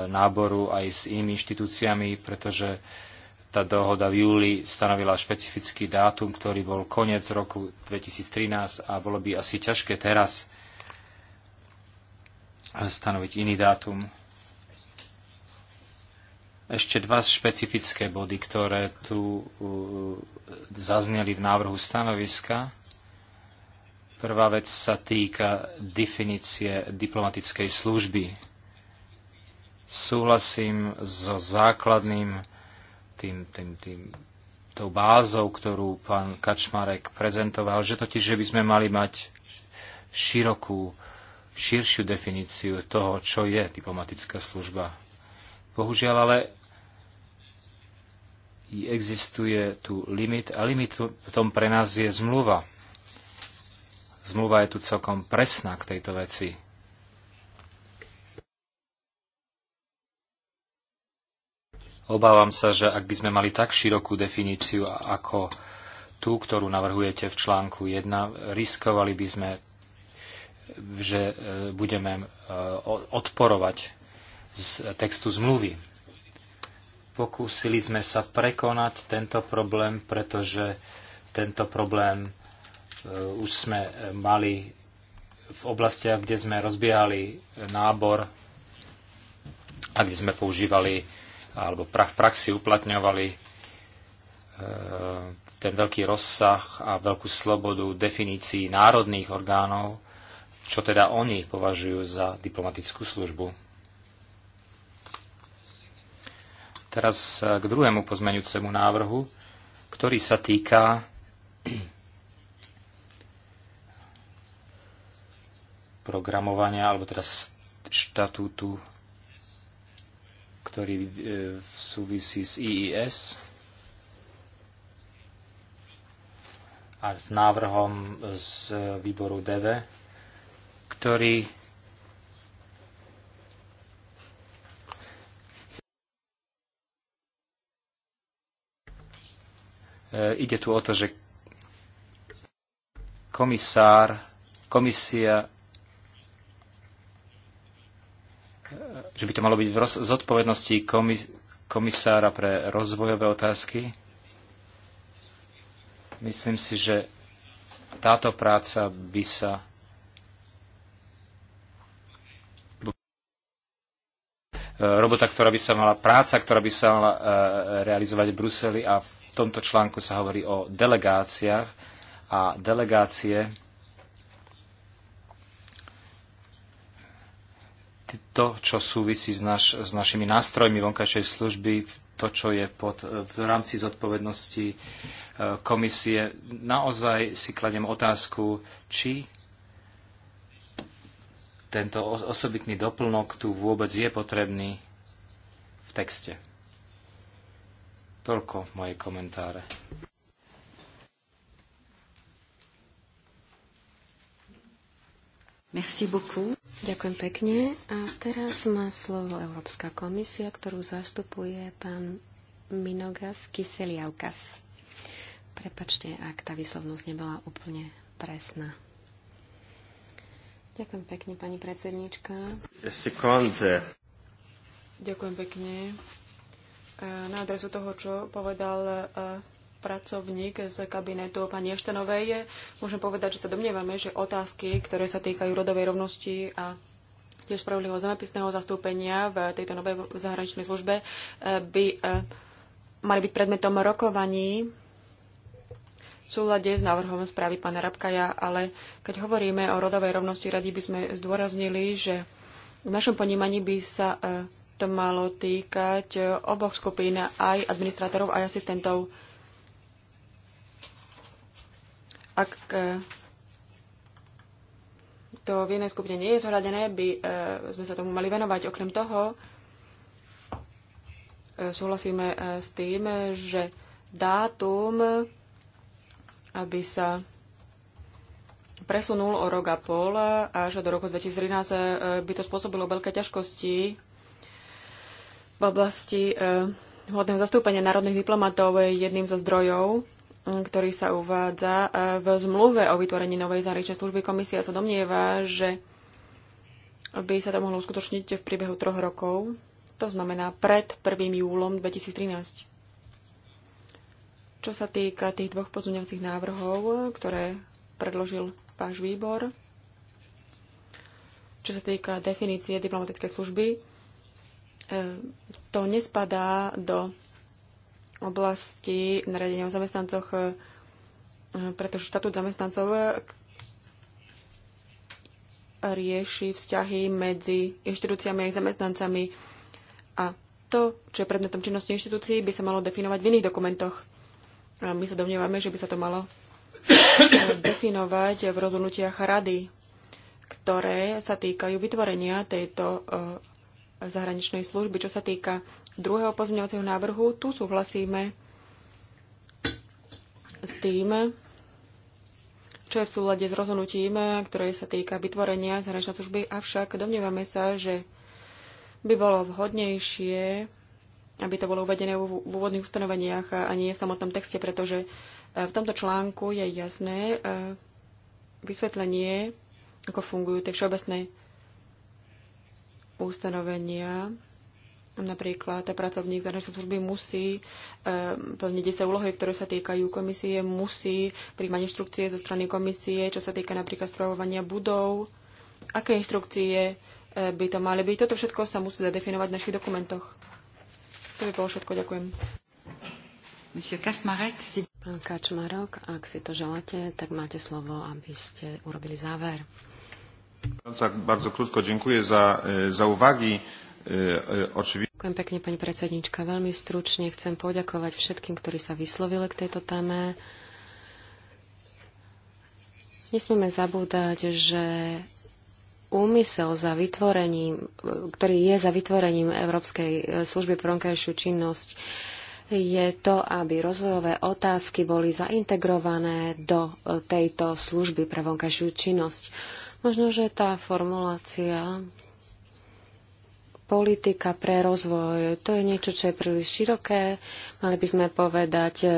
náboru aj s inými inštitúciami, pretože tá dohoda v júli stanovila špecifický dátum, ktorý bol koniec roku 2013 a bolo by asi ťažké teraz stanoviť iný dátum. Ešte dva špecifické body, ktoré tu zazneli v návrhu stanoviska. Prvá vec sa týka definície diplomatickej služby súhlasím so základným tým, tým, tým, tou bázou, ktorú pán Kačmarek prezentoval, že totiž, že by sme mali mať širokú, širšiu definíciu toho, čo je diplomatická služba. Bohužiaľ, ale existuje tu limit a limit v tom pre nás je zmluva. Zmluva je tu celkom presná k tejto veci Obávam sa, že ak by sme mali tak širokú definíciu ako tú, ktorú navrhujete v článku 1, riskovali by sme, že e, budeme e, odporovať z textu zmluvy. Pokúsili sme sa prekonať tento problém, pretože tento problém e, už sme mali v oblastiach, kde sme rozbiehali nábor a kde sme používali alebo v praxi uplatňovali e, ten veľký rozsah a veľkú slobodu definícií národných orgánov, čo teda oni považujú za diplomatickú službu. Teraz e, k druhému pozmeňujúcemu návrhu, ktorý sa týka programovania alebo teda štatútu ktorý v e, súvisí s IIS a s návrhom z výboru DEVE, ktorý e, ide tu o to, že komisár, komisia že by to malo byť v roz, zodpovednosti komis, komisára pre rozvojové otázky. Myslím si, že táto práca by sa robota, ktorá by sa mala, práca, ktorá by sa mala e, realizovať v Bruseli a v tomto článku sa hovorí o delegáciách a delegácie to, čo súvisí s, naš, s našimi nástrojmi vonkajšej služby, to, čo je pod, v rámci zodpovednosti e, komisie, naozaj si kladem otázku, či tento osobitný doplnok tu vôbec je potrebný v texte. Toľko moje komentáre. Merci beaucoup. Ďakujem pekne. A teraz má slovo Európska komisia, ktorú zastupuje pán Minogas Kiseliaukas. Prepačte, ak tá výslovnosť nebola úplne presná. Ďakujem pekne, pani predsednička. Sekunde. Ďakujem pekne. E, na adresu toho, čo povedal e, pracovník z kabinetu pani Eštenovej. Môžem povedať, že sa domnievame, že otázky, ktoré sa týkajú rodovej rovnosti a tiež spravodlivého zemepisného zastúpenia v tejto novej zahraničnej službe eh, by eh, mali byť predmetom rokovaní v súlade s návrhom správy pána Rabkaja, ale keď hovoríme o rodovej rovnosti, radi by sme zdôraznili, že v našom ponímaní by sa eh, to malo týkať oboch skupín, aj administrátorov, aj asistentov. Ak e, to v jednej skupine nie je zhradené, by e, sme sa tomu mali venovať. Okrem toho e, súhlasíme s tým, že dátum, aby sa presunul o rok a pol až do roku 2013, by to spôsobilo veľké ťažkosti v oblasti hodného zastúpenia národných diplomatov jedným zo zdrojov ktorý sa uvádza e, v zmluve o vytvorení novej zahraničnej služby. Komisia sa domnieva, že by sa to mohlo uskutočniť v priebehu troch rokov, to znamená pred 1. júlom 2013. Čo sa týka tých dvoch pozmeňovacích návrhov, ktoré predložil váš výbor, čo sa týka definície diplomatickej služby, e, to nespadá do oblasti naradenia o zamestnancoch, e, pretože štatút zamestnancov e, rieši vzťahy medzi inštitúciami a ich zamestnancami. A to, čo je predmetom činnosti inštitúcií, by sa malo definovať v iných dokumentoch. A my sa domnievame, že by sa to malo definovať v rozhodnutiach rady, ktoré sa týkajú vytvorenia tejto e, zahraničnej služby. Čo sa týka druhého pozmeňovacieho návrhu. Tu súhlasíme s tým, čo je v súlade s rozhodnutím, ktoré sa týka vytvorenia zahraničnej služby, avšak domnievame sa, že by bolo vhodnejšie, aby to bolo uvedené v úvodných ustanoveniach a nie v samotnom texte, pretože e, v tomto článku je jasné e, vysvetlenie, ako fungujú tie všeobecné ustanovenia Napríklad pracovník zahraničnej služby musí eh, plniť 10 úlohy, ktoré sa týkajú komisie, musí príjmať inštrukcie zo strany komisie, čo sa týka napríklad stravovania budov, aké inštrukcie eh, by to mali byť. Toto všetko sa musí zadefinovať v našich dokumentoch. To by bolo všetko. Ďakujem. Pán Kačmarok, ak si to želáte, tak máte slovo, aby ste urobili záver. Bardzo krótko dziękuję za, e, za uwagi. E, e, Ďakujem pekne, pani predsednička. Veľmi stručne chcem poďakovať všetkým, ktorí sa vyslovili k tejto téme. Nesmieme zabúdať, že úmysel za vytvorením, ktorý je za vytvorením Európskej e, služby pre vonkajšiu činnosť, je to, aby rozvojové otázky boli zaintegrované do tejto služby pre vonkajšiu činnosť. Možno, že tá formulácia politika pre rozvoj, to je niečo, čo je príliš široké. Mali by sme povedať e,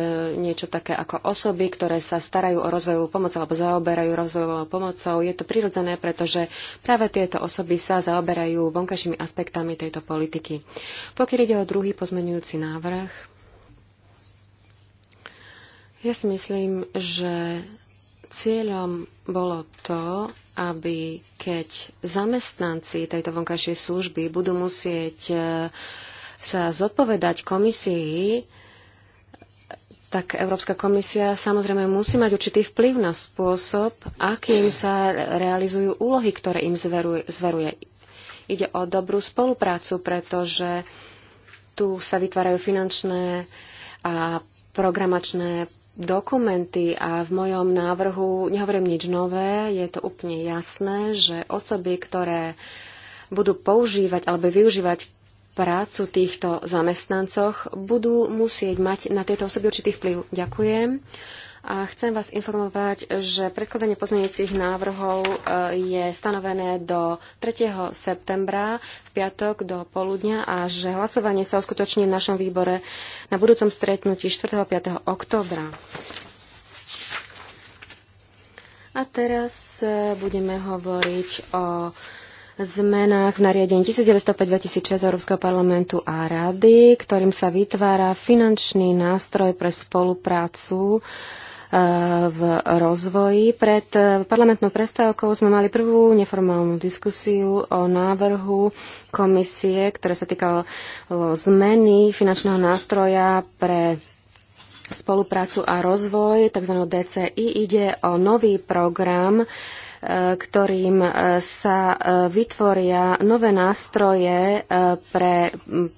niečo také ako osoby, ktoré sa starajú o rozvojovú pomoc alebo zaoberajú rozvojovou pomocou. Je to prirodzené, pretože práve tieto osoby sa zaoberajú vonkajšími aspektami tejto politiky. Pokiaľ ide o druhý pozmenujúci návrh, ja si myslím, že cieľom bolo to, aby keď zamestnanci tejto vonkajšej služby budú musieť e, sa zodpovedať komisii, tak Európska komisia samozrejme musí mať určitý vplyv na spôsob, akým sa realizujú úlohy, ktoré im zveruje. Ide o dobrú spoluprácu, pretože tu sa vytvárajú finančné a programačné dokumenty a v mojom návrhu nehovorím nič nové, je to úplne jasné, že osoby, ktoré budú používať alebo využívať prácu týchto zamestnancoch, budú musieť mať na tieto osoby určitý vplyv. Ďakujem. A chcem vás informovať, že predkladanie pozmeňujúcich návrhov e, je stanovené do 3. septembra v piatok do poludnia a že hlasovanie sa uskutoční v našom výbore na budúcom stretnutí 4. a 5. oktobra. A teraz e, budeme hovoriť o zmenách v nariadení 1905-2006 Európskeho parlamentu a rady, ktorým sa vytvára finančný nástroj pre spoluprácu v rozvoji. Pred eh, parlamentnou prestávkou sme mali prvú neformálnu diskusiu o návrhu komisie, ktoré sa týkalo zmeny finančného nástroja pre spoluprácu a rozvoj, tzv. DCI. Ide o nový program ktorým e, sa e, vytvoria nové nástroje e, pre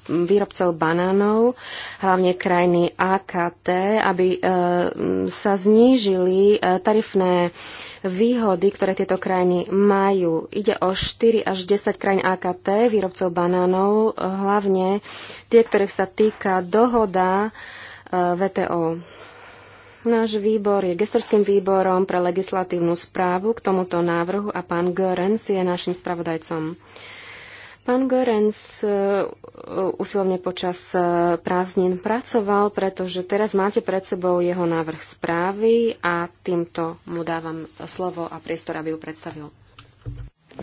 výrobcov banánov, hlavne krajiny AKT, aby sa znížili tarifné výhody, ktoré tieto krajiny majú. Ide o 4 až 10 krajín AKT, výrobcov banánov, hlavne tie, ktorých sa týka dohoda VTO. Náš výbor je gestorským výborom pre legislatívnu správu k tomuto návrhu a pán Görens je našim spravodajcom. Pán Görens e, e, usilovne počas e, prázdnin pracoval, pretože teraz máte pred sebou jeho návrh správy a týmto mu dávam slovo a priestor, aby ju predstavil.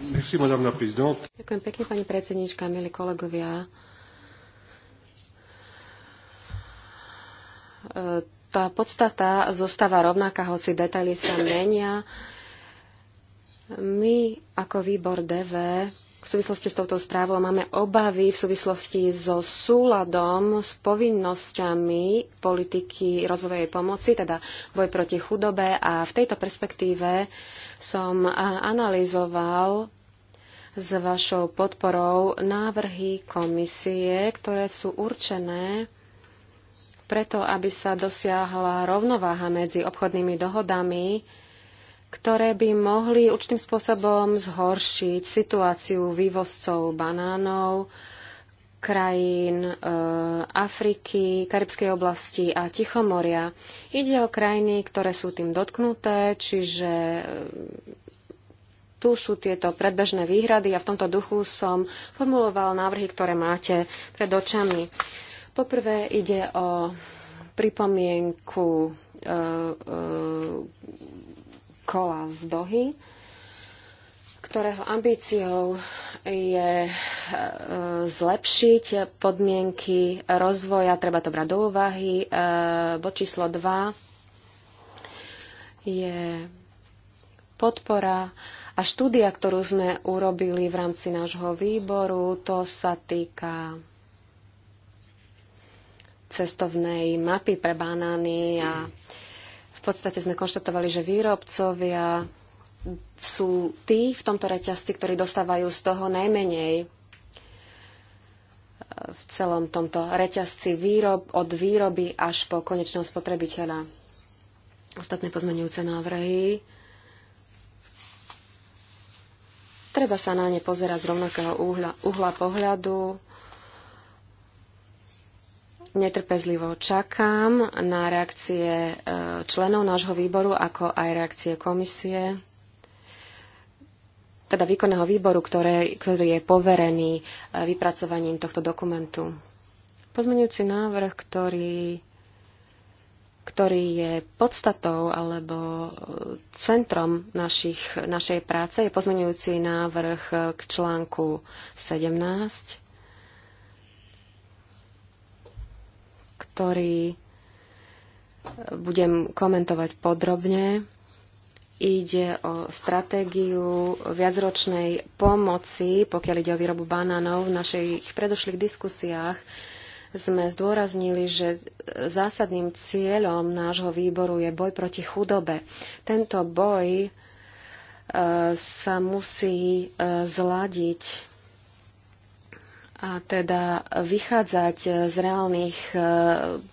Merci, Ďakujem pekne, pani predsednička, milí kolegovia tá podstata zostáva rovnaká, hoci detaily sa menia. My ako výbor DV v súvislosti s touto správou máme obavy v súvislosti so súladom s povinnosťami politiky rozvojovej pomoci, teda boj proti chudobe. A v tejto perspektíve som analyzoval s vašou podporou návrhy komisie, ktoré sú určené preto, aby sa dosiahla rovnováha medzi obchodnými dohodami, ktoré by mohli určitým spôsobom zhoršiť situáciu vývozcov banánov, krajín e, Afriky, Karibskej oblasti a Tichomoria. Ide o krajiny, ktoré sú tým dotknuté, čiže e, tu sú tieto predbežné výhrady a v tomto duchu som formuloval návrhy, ktoré máte pred očami. Poprvé ide o pripomienku e, e, kola z Dohy, ktorého ambíciou je e, zlepšiť podmienky rozvoja, treba to brať do úvahy. E, bod číslo 2 je podpora a štúdia, ktorú sme urobili v rámci nášho výboru, to sa týka cestovnej mapy pre banány a v podstate sme konštatovali, že výrobcovia sú tí v tomto reťazci, ktorí dostávajú z toho najmenej e, v celom tomto reťazci výrob, od výroby až po konečného spotrebiteľa. Ostatné pozmenujúce návrhy. Treba sa na ne pozerať z rovnakého uhla, uhla pohľadu Netrpezlivo čakám na reakcie e, členov nášho výboru, ako aj reakcie komisie, teda výkonného výboru, ktoré, ktorý je poverený e, vypracovaním tohto dokumentu. Pozmenujúci návrh, ktorý, ktorý je podstatou alebo e, centrom našich, našej práce, je pozmenujúci návrh k článku 17 ktorý budem komentovať podrobne. Ide o stratégiu viacročnej pomoci, pokiaľ ide o výrobu banánov. V našich predošlých diskusiách sme zdôraznili, že zásadným cieľom nášho výboru je boj proti chudobe. Tento boj e, sa musí e, zladiť a teda vychádzať z reálnych e,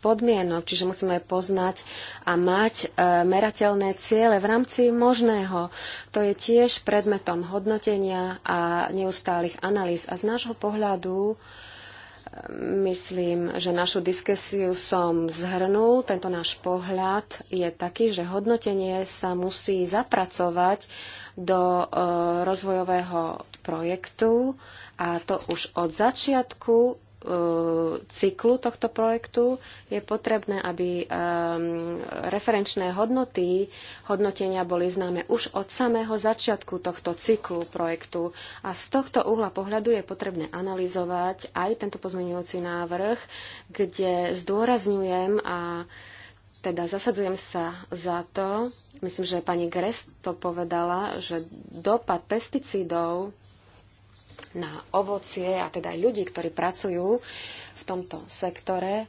podmienok, čiže musíme poznať a mať e, merateľné ciele v rámci možného. To je tiež predmetom hodnotenia a neustálych analýz. A z nášho pohľadu e, myslím, že našu diskusiu som zhrnul. Tento náš pohľad je taký, že hodnotenie sa musí zapracovať do rozvojového projektu a to už od začiatku e, cyklu tohto projektu je potrebné, aby e, referenčné hodnoty hodnotenia boli známe už od samého začiatku tohto cyklu projektu. A z tohto uhla pohľadu je potrebné analyzovať aj tento pozmeňujúci návrh, kde zdôrazňujem a teda zasadzujem sa za to, myslím, že pani Grest to povedala, že dopad pesticídov na ovocie a teda aj ľudí, ktorí pracujú v tomto sektore,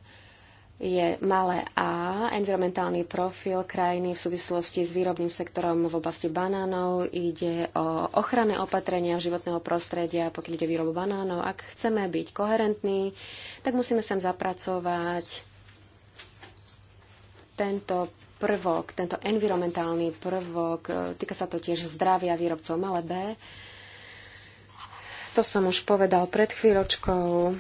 je malé A, environmentálny profil krajiny v súvislosti s výrobným sektorom v oblasti banánov. Ide o ochranné opatrenia životného prostredia, pokiaľ ide výrobu banánov. Ak chceme byť koherentní, tak musíme sem zapracovať tento prvok, tento environmentálny prvok. Týka sa to tiež zdravia výrobcov malé B to som už povedal pred chvíľočkou.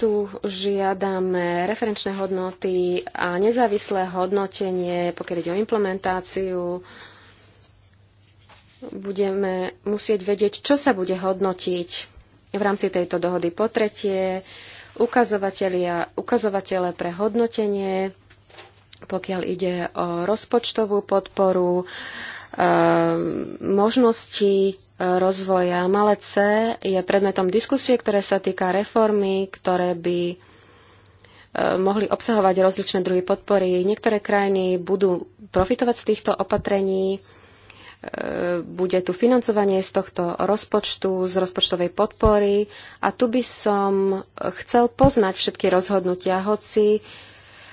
Tu žiadame referenčné hodnoty a nezávislé hodnotenie, pokiaľ ide o implementáciu. Budeme musieť vedieť, čo sa bude hodnotiť v rámci tejto dohody. Po tretie, ukazovatele pre hodnotenie, pokiaľ ide o rozpočtovú podporu Ehm, možnosti e, rozvoja. Malé C je predmetom diskusie, ktoré sa týka reformy, ktoré by e, mohli obsahovať rozličné druhy podpory. Niektoré krajiny budú profitovať z týchto opatrení. E, bude tu financovanie z tohto rozpočtu, z rozpočtovej podpory. A tu by som chcel poznať všetky rozhodnutia, hoci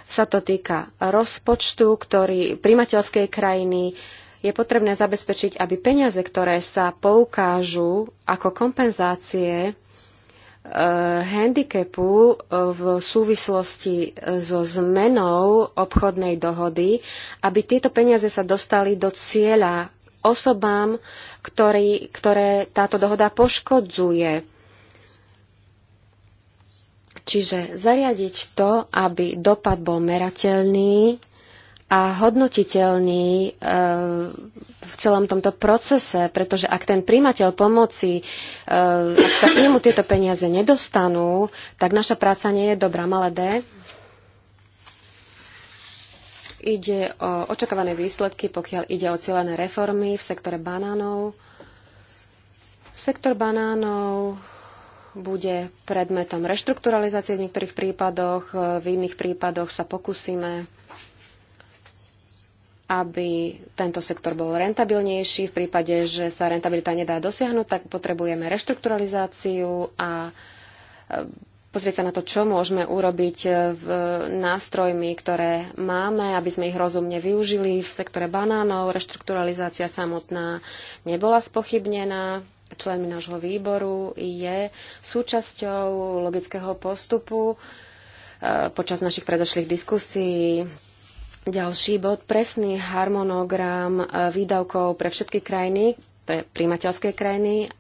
sa to týka rozpočtu, ktorý primateľskej krajiny, je potrebné zabezpečiť, aby peniaze, ktoré sa poukážu ako kompenzácie e, handicapu e, v súvislosti e, so zmenou obchodnej dohody, aby tieto peniaze sa dostali do cieľa osobám, ktorý, ktoré táto dohoda poškodzuje. Čiže zariadiť to, aby dopad bol merateľný, a hodnotiteľný eh, v celom tomto procese, pretože ak ten príjimateľ pomoci, eh, ak sa k nemu tieto peniaze nedostanú, tak naša práca nie je dobrá. Malé D. Ide o očakávané výsledky, pokiaľ ide o cieľené reformy v sektore banánov. Sektor banánov bude predmetom reštrukturalizácie v niektorých prípadoch, eh, v iných prípadoch sa pokúsime aby tento sektor bol rentabilnejší. V prípade, že sa rentabilita nedá dosiahnuť, tak potrebujeme reštrukturalizáciu a e, pozrieť sa na to, čo môžeme urobiť e, v nástrojmi, ktoré máme, aby sme ich rozumne využili. V sektore banánov reštrukturalizácia samotná nebola spochybnená členmi nášho výboru je súčasťou logického postupu e, počas našich predošlých diskusí ďalší bod, presný harmonogram e, výdavkov pre všetky krajiny, pre príjimateľské krajiny.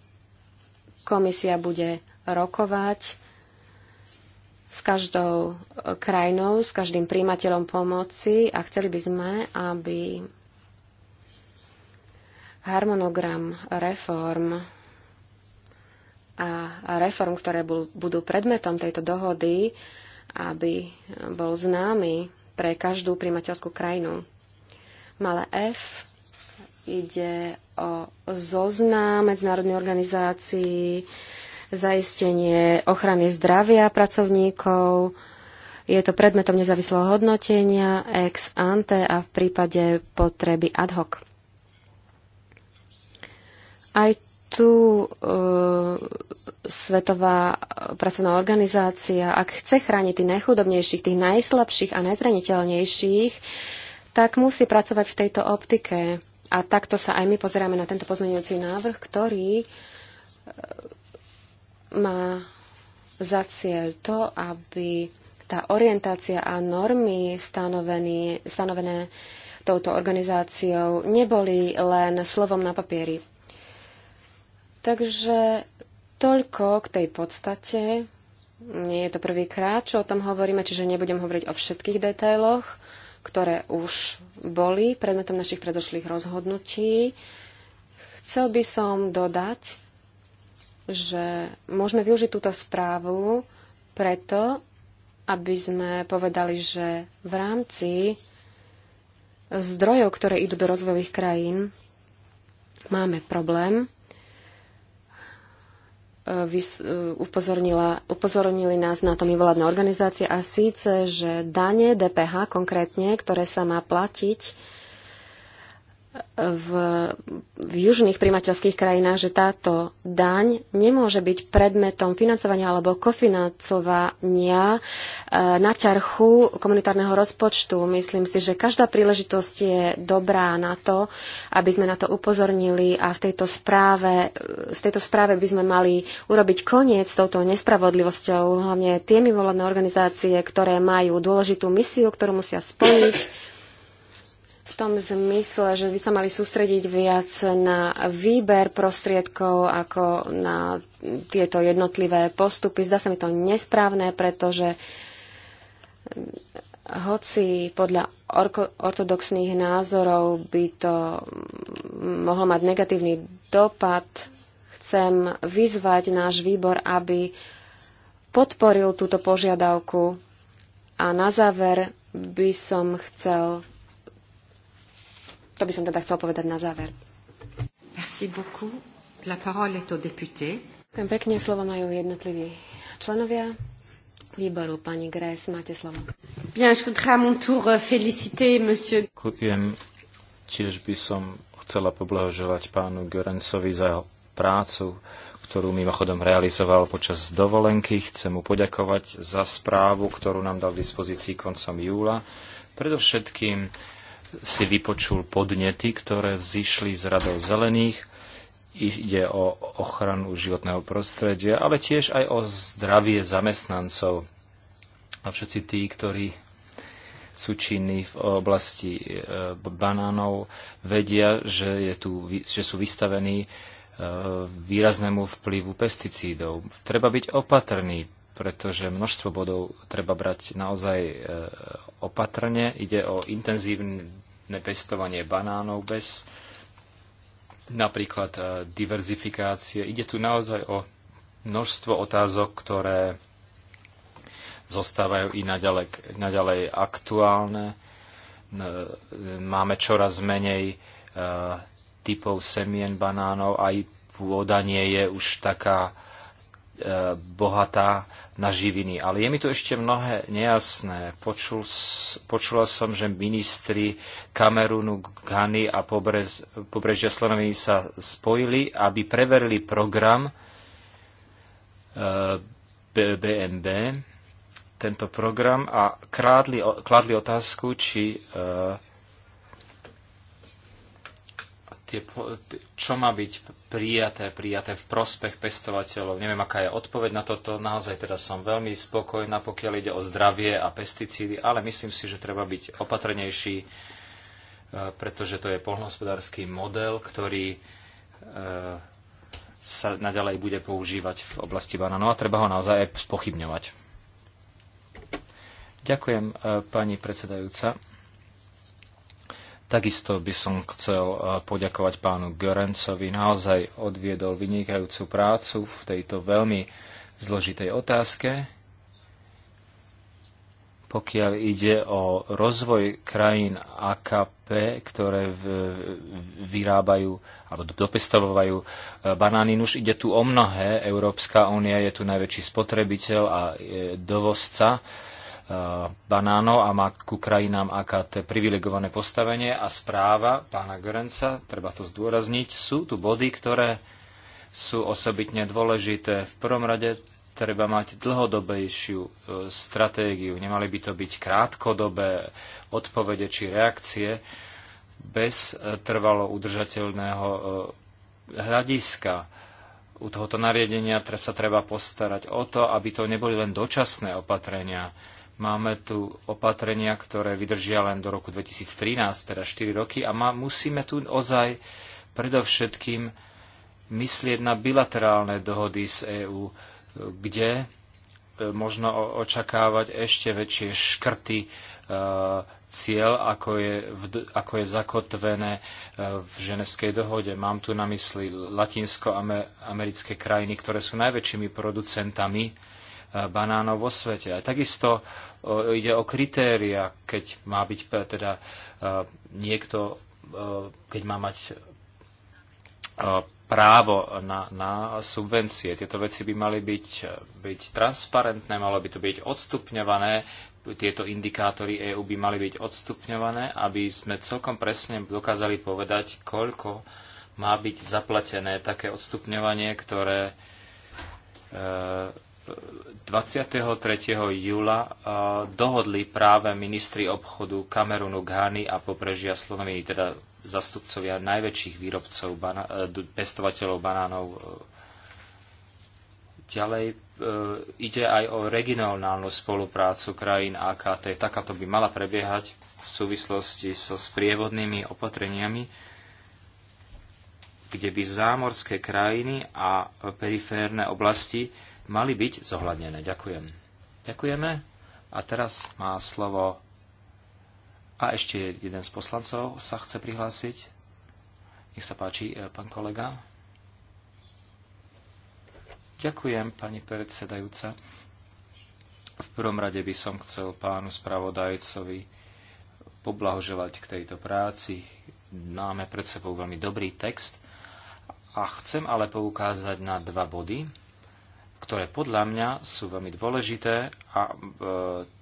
Komisia bude rokovať s každou e, krajinou, s každým príjimateľom pomoci a chceli by sme, aby harmonogram reform a reform, ktoré budú predmetom tejto dohody, aby bol známy pre každú primateľskú krajinu. Malé F ide o zoznam medzinárodnej organizácii, zaistenie ochrany zdravia pracovníkov, je to predmetom nezávislého hodnotenia ex ante a v prípade potreby ad hoc. Aj tu e, Svetová pracovná organizácia, ak chce chrániť tých najchudobnejších, tých najslabších a najzraniteľnejších, tak musí pracovať v tejto optike. A takto sa aj my pozeráme na tento pozmeňujúci návrh, ktorý e, má za cieľ to, aby tá orientácia a normy stanovené touto organizáciou neboli len slovom na papieri. Takže toľko k tej podstate. Nie je to prvýkrát, čo o tom hovoríme, čiže nebudem hovoriť o všetkých detailoch, ktoré už boli predmetom našich predošlých rozhodnutí. Chcel by som dodať, že môžeme využiť túto správu preto, aby sme povedali, že v rámci zdrojov, ktoré idú do rozvojových krajín, máme problém upozornila, upozornili nás na to mimovládne organizácie a síce, že dane DPH konkrétne, ktoré sa má platiť v, v južných primateľských krajinách, že táto daň nemôže byť predmetom financovania alebo kofinancovania e, na ťarchu komunitárneho rozpočtu. Myslím si, že každá príležitosť je dobrá na to, aby sme na to upozornili a v tejto správe, v tejto správe by sme mali urobiť koniec s touto nespravodlivosťou, hlavne tie mimovládne organizácie, ktoré majú dôležitú misiu, ktorú musia splniť v tom zmysle, že by sa mali sústrediť viac na výber prostriedkov ako na tieto jednotlivé postupy. Zdá sa mi to nesprávne, pretože hoci podľa ortodoxných názorov by to mohlo mať negatívny dopad, chcem vyzvať náš výbor, aby podporil túto požiadavku. A na záver by som chcel to by som teda chcel povedať na záver. Merci beaucoup. La parole est au député. Ďakujem pekne, slovo majú jednotliví členovia výboru. Pani Grés, máte slovo. Bien, je voudrais à mon tour euh, féliciter monsieur... Ďakujem. Tiež by som chcela poblahoželať pánu Görencovi za prácu, ktorú mimochodom realizoval počas dovolenky. Chcem mu poďakovať za správu, ktorú nám dal v dispozícii koncom júla. Predovšetkým si vypočul podnety, ktoré vzýšli z radov zelených. Ide o ochranu životného prostredia, ale tiež aj o zdravie zamestnancov a všetci tí, ktorí sú činní v oblasti e, banánov, vedia, že, je tu, že sú vystavení e, výraznému vplyvu pesticídov. Treba byť opatrný pretože množstvo bodov treba brať naozaj e, opatrne. Ide o intenzívne pestovanie banánov bez napríklad e, diverzifikácie. Ide tu naozaj o množstvo otázok, ktoré zostávajú i naďalej, naďalej aktuálne. E, máme čoraz menej typov semien banánov, aj pôda nie je už taká E, bohatá na živiny. Ale je mi to ešte mnohé nejasné. Počul, počula som, že ministri Kamerunu, Ghany a pobrez, pobrežia Slonoviny sa spojili, aby preverili program BNB, e, tento program a krádli, kládli otázku, či e, tie, čo má byť prijaté, prijaté v prospech pestovateľov. Neviem, aká je odpoveď na toto. Naozaj teda som veľmi spokojná, pokiaľ ide o zdravie a pesticídy, ale myslím si, že treba byť opatrnejší, e, pretože to je polnohospodársky model, ktorý e, sa naďalej bude používať v oblasti banánov a treba ho naozaj aj spochybňovať. Ďakujem, e, pani predsedajúca. Takisto by som chcel e, poďakovať pánu Görencovi. Naozaj odviedol vynikajúcu prácu v tejto veľmi zložitej otázke. Pokiaľ ide o rozvoj krajín AKP, ktoré vyrábajú alebo dopestavovajú e, banány, už ide tu o mnohé. Európska únia je tu najväčší spotrebiteľ a e, dovozca Eh, banánov a má ku krajinám AKT privilegované postavenie a správa pána Görenca, treba to zdôrazniť, sú tu body, ktoré sú osobitne dôležité. V prvom rade treba mať dlhodobejšiu eh, stratégiu. Nemali by to byť krátkodobé odpovede či reakcie bez eh, trvalo udržateľného hľadiska. U tohoto nariadenia sa treba postarať o to, aby to neboli len dočasné opatrenia. Máme tu opatrenia, ktoré vydržia len do roku 2013, teda 4 roky, a má, musíme tu ozaj predovšetkým myslieť na bilaterálne dohody z EÚ, kde e, možno očakávať ešte väčšie škrty e, cieľ, ako je, v, ako je zakotvené e, v ženevskej dohode. Mám tu na mysli Latinsko latinsko-americké krajiny, ktoré sú najväčšími producentami banánov vo svete. A takisto e, ide o kritéria, keď má byť e, teda e, niekto, keď má mať právo na, na subvencie. Tieto veci by mali byť, byť transparentné, malo by to byť odstupňované, tieto indikátory EÚ by mali byť odstupňované, aby sme celkom presne dokázali povedať, koľko má byť zaplatené také odstupňovanie, ktoré 23. júla dohodli práve ministri obchodu Kamerunu, Ghany a pobrežia Slovenii, teda zastupcovia najväčších výrobcov, bana- e, pestovateľov banánov. Ďalej e, ide aj o regionálnu spoluprácu krajín AKT. Takáto by mala prebiehať v súvislosti so sprievodnými opatreniami, kde by zámorské krajiny a periférne oblasti mali byť zohľadnené. Ďakujem. Ďakujeme. A teraz má slovo a ešte jeden z poslancov sa chce prihlásiť. Nech sa páči, e, pán kolega. Ďakujem, pani predsedajúca. V prvom rade by som chcel pánu spravodajcovi poblahoželať k tejto práci. Máme pred sebou veľmi dobrý text a chcem ale poukázať na dva body ktoré podľa mňa sú veľmi dôležité a e,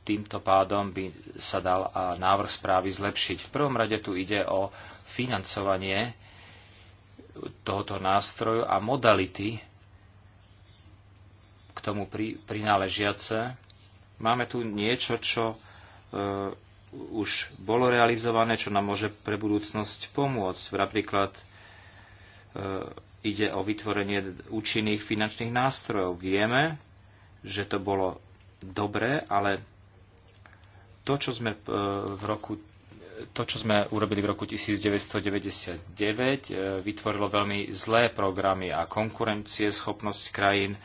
týmto pádom by sa dal a návrh správy zlepšiť. V prvom rade tu ide o financovanie tohoto nástroju a modality k tomu pri, prináležiace. Máme tu niečo, čo e, už bolo realizované, čo nám môže pre budúcnosť pomôcť. Napríklad e, ide o vytvorenie účinných finančných nástrojov. Vieme, že to bolo dobré, ale to, čo sme e, v roku to, čo sme urobili v roku 1999, e, vytvorilo veľmi zlé programy a schopnosť krajín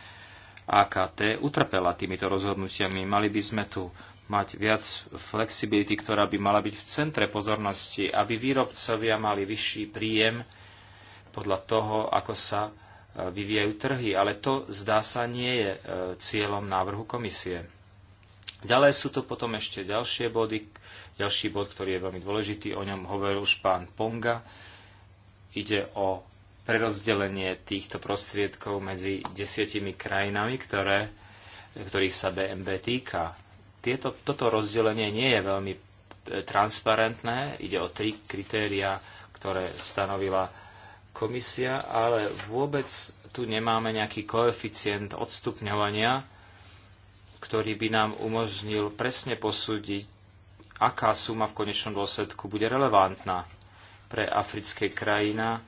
AKT utrpela týmito rozhodnutiami. Mali by sme tu mať viac flexibility, ktorá by mala byť v centre pozornosti, aby výrobcovia mali vyšší príjem podľa toho, ako sa e, vyvíjajú trhy, ale to zdá sa nie je e, cieľom návrhu komisie. Ďalej sú to potom ešte ďalšie body. Ďalší bod, ktorý je veľmi dôležitý, o ňom hovoril už pán Ponga. Ide o prerozdelenie týchto prostriedkov medzi desiatimi krajinami, ktoré, ktorých sa BMB týka. Tieto, toto rozdelenie nie je veľmi e, transparentné. Ide o tri kritéria, ktoré stanovila komisia, ale vôbec tu nemáme nejaký koeficient odstupňovania, ktorý by nám umožnil presne posúdiť, aká suma v konečnom dôsledku bude relevantná pre africké krajina.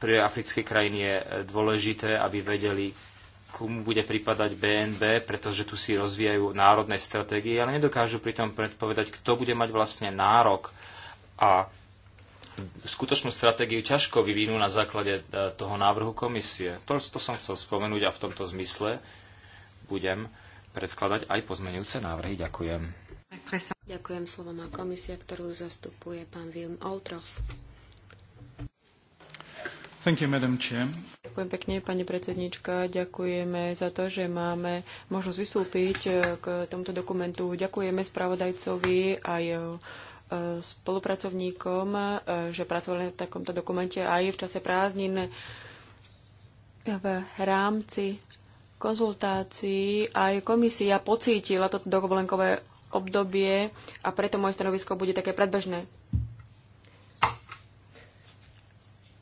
Pre africké krajiny je dôležité, aby vedeli, komu bude pripadať BNB, pretože tu si rozvíjajú národné stratégie, ale nedokážu pritom predpovedať, kto bude mať vlastne nárok a skutočnú stratégiu ťažko vyvinú na základe e, toho návrhu komisie. To, to som chcel spomenúť a v tomto zmysle budem predkladať aj pozmenujúce návrhy. Ďakujem. Ďakujem slovo má komisia, ktorú zastupuje pán Vilm Oltrov. Thank you, Madam Chair. Ďakujem pekne, pani predsednička. Ďakujeme za to, že máme možnosť vystúpiť e, k tomuto dokumentu. Ďakujeme spravodajcovi a jeho spolupracovníkom, e, že pracovali na takomto dokumente aj v čase prázdnin e, v rámci konzultácií aj komisia pocítila toto dovolenkové obdobie a preto moje stanovisko bude také predbežné.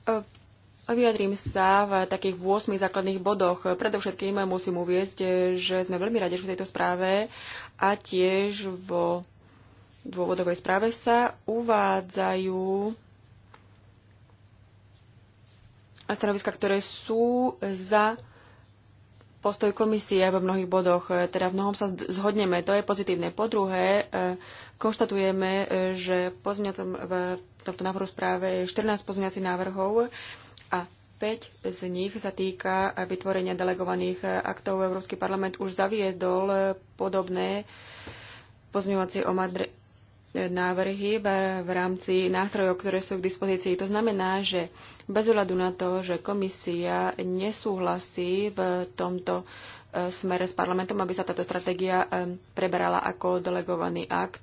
E, vyjadrím sa v takých 8 základných bodoch. Predovšetkým musím uviezť, že sme veľmi radi v tejto správe a tiež vo dôvodovej správe sa uvádzajú a stanoviska, ktoré sú za postoj komisie vo mnohých bodoch, teda v mnohom sa zhodneme, to je pozitívne. Po druhé, e, konštatujeme, e, že v, v tomto návrhu správe je 14 pozmeňacích návrhov a 5 z nich sa týka vytvorenia delegovaných aktov. Európsky parlament už zaviedol podobné pozmeňovacie návrhy v rámci nástrojov, ktoré sú k dispozícii. To znamená, že bez ohľadu na to, že komisia nesúhlasí v tomto e, smere s parlamentom, aby sa táto stratégia e, preberala ako delegovaný akt,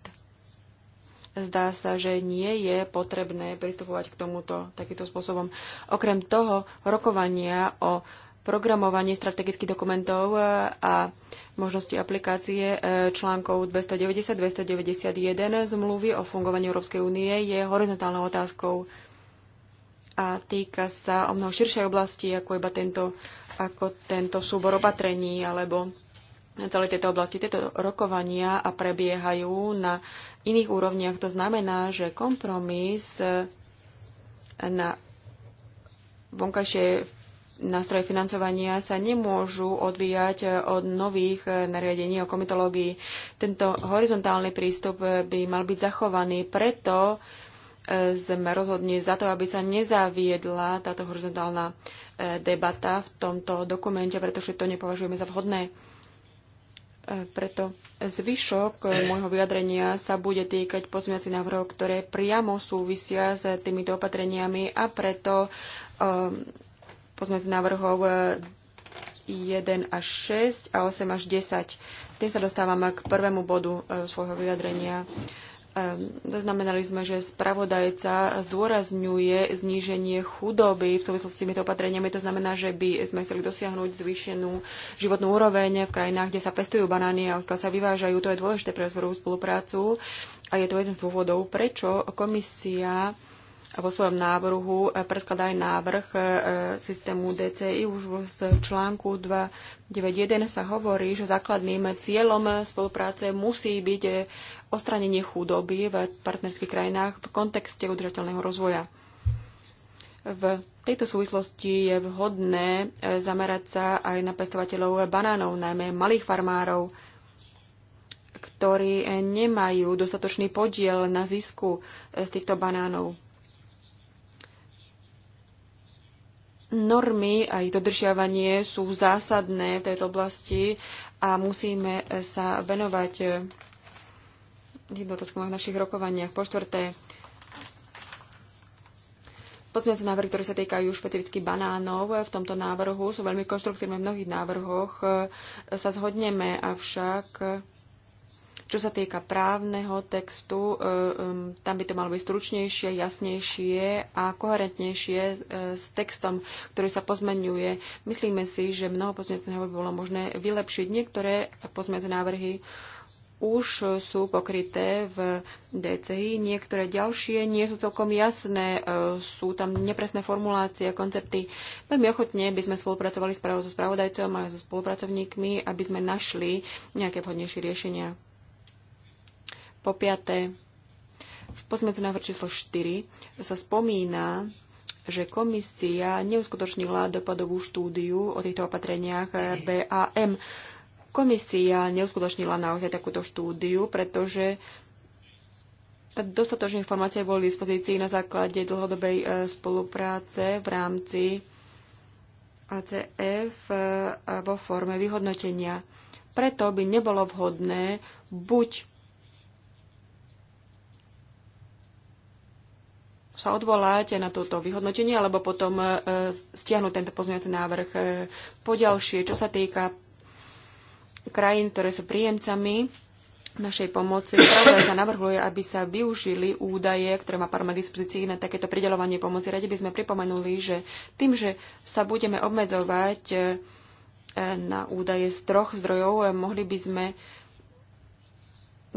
zdá sa, že nie je potrebné pristupovať k tomuto takýmto spôsobom. Okrem toho, rokovania o programovanie strategických dokumentov e, a možnosti aplikácie e, článkov 290-291 zmluvy o fungovaní Európskej únie je horizontálnou otázkou a týka sa o mnoho širšej oblasti, ako iba tento, ako tento súbor opatrení alebo celé tieto oblasti. Tieto rokovania a prebiehajú na iných úrovniach. To znamená, že kompromis e, na vonkajšie nástroje financovania sa nemôžu odvíjať eh, od nových eh, nariadení o komitológii. Tento horizontálny prístup eh, by mal byť zachovaný, preto sme rozhodne za to, aby sa nezaviedla táto horizontálna debata v tomto dokumente, pretože to nepovažujeme za vhodné. Preto zvyšok môjho vyjadrenia sa bude týkať pozmiacich návrhov, ktoré priamo súvisia s týmito opatreniami a preto um, pozmeňujúcich návrhov 1 e, až 6 a 8 až 10. Tým sa dostávame k prvému bodu e, svojho vyjadrenia. Ehm, zaznamenali sme, že spravodajca zdôrazňuje zníženie chudoby v súvislosti s týmito opatreniami. To znamená, že by sme chceli dosiahnuť zvýšenú životnú úroveň v krajinách, kde sa pestujú banány a odkiaľ sa vyvážajú. To je dôležité pre rozvojovú spoluprácu a je to jeden z dôvodov, prečo komisia vo svojom návrhu e, predkladá aj návrh e, systému DCI. Už v článku 291 sa hovorí, že základným cieľom spolupráce musí byť e, ostranenie chudoby v partnerských krajinách v kontexte udržateľného rozvoja. V tejto súvislosti je vhodné zamerať sa aj na pestovateľov banánov, najmä malých farmárov, ktorí nemajú dostatočný podiel na zisku z týchto banánov normy a ich dodržiavanie sú zásadné v tejto oblasti a musíme sa venovať jednou v našich rokovaniach. Po štvrté, Pozmeňujúce návrhy, ktoré sa týkajú špecificky banánov v tomto návrhu, sú veľmi konštruktívne v mnohých návrhoch. Sa zhodneme, avšak čo sa týka právneho textu, e, e, tam by to malo byť stručnejšie, jasnejšie a koherentnejšie e, s textom, ktorý sa pozmenuje. Myslíme si, že mnoho pozmeňujúcich návrhov by bolo možné vylepšiť. Niektoré pozmeňujúce návrhy už sú pokryté v DCI, niektoré ďalšie nie sú celkom jasné, sú tam nepresné formulácie, koncepty. Veľmi ochotne by sme spolupracovali s spravodajcom a so spolupracovníkmi, aby sme našli nejaké vhodnejšie riešenia. Po piaté, v pozmecu návrhu číslo 4 sa spomína, že komisia neuskutočnila dopadovú štúdiu o týchto opatreniach BAM. Komisia neuskutočnila naozaj takúto štúdiu, pretože dostatočné informácie boli v dispozícii na základe dlhodobej e, spolupráce v rámci ACF e, vo forme vyhodnotenia. Preto by nebolo vhodné buď sa odvoláte na toto vyhodnotenie, alebo potom e, stiahnuť tento pozmeňovací návrh. E, Poďalšie, čo sa týka krajín, ktoré sú príjemcami našej pomoci, pravda sa navrhuje, aby sa využili údaje, ktoré má Parma dispozícii na takéto pridelovanie pomoci. Radi by sme pripomenuli, že tým, že sa budeme obmedzovať e, na údaje z troch zdrojov, mohli by sme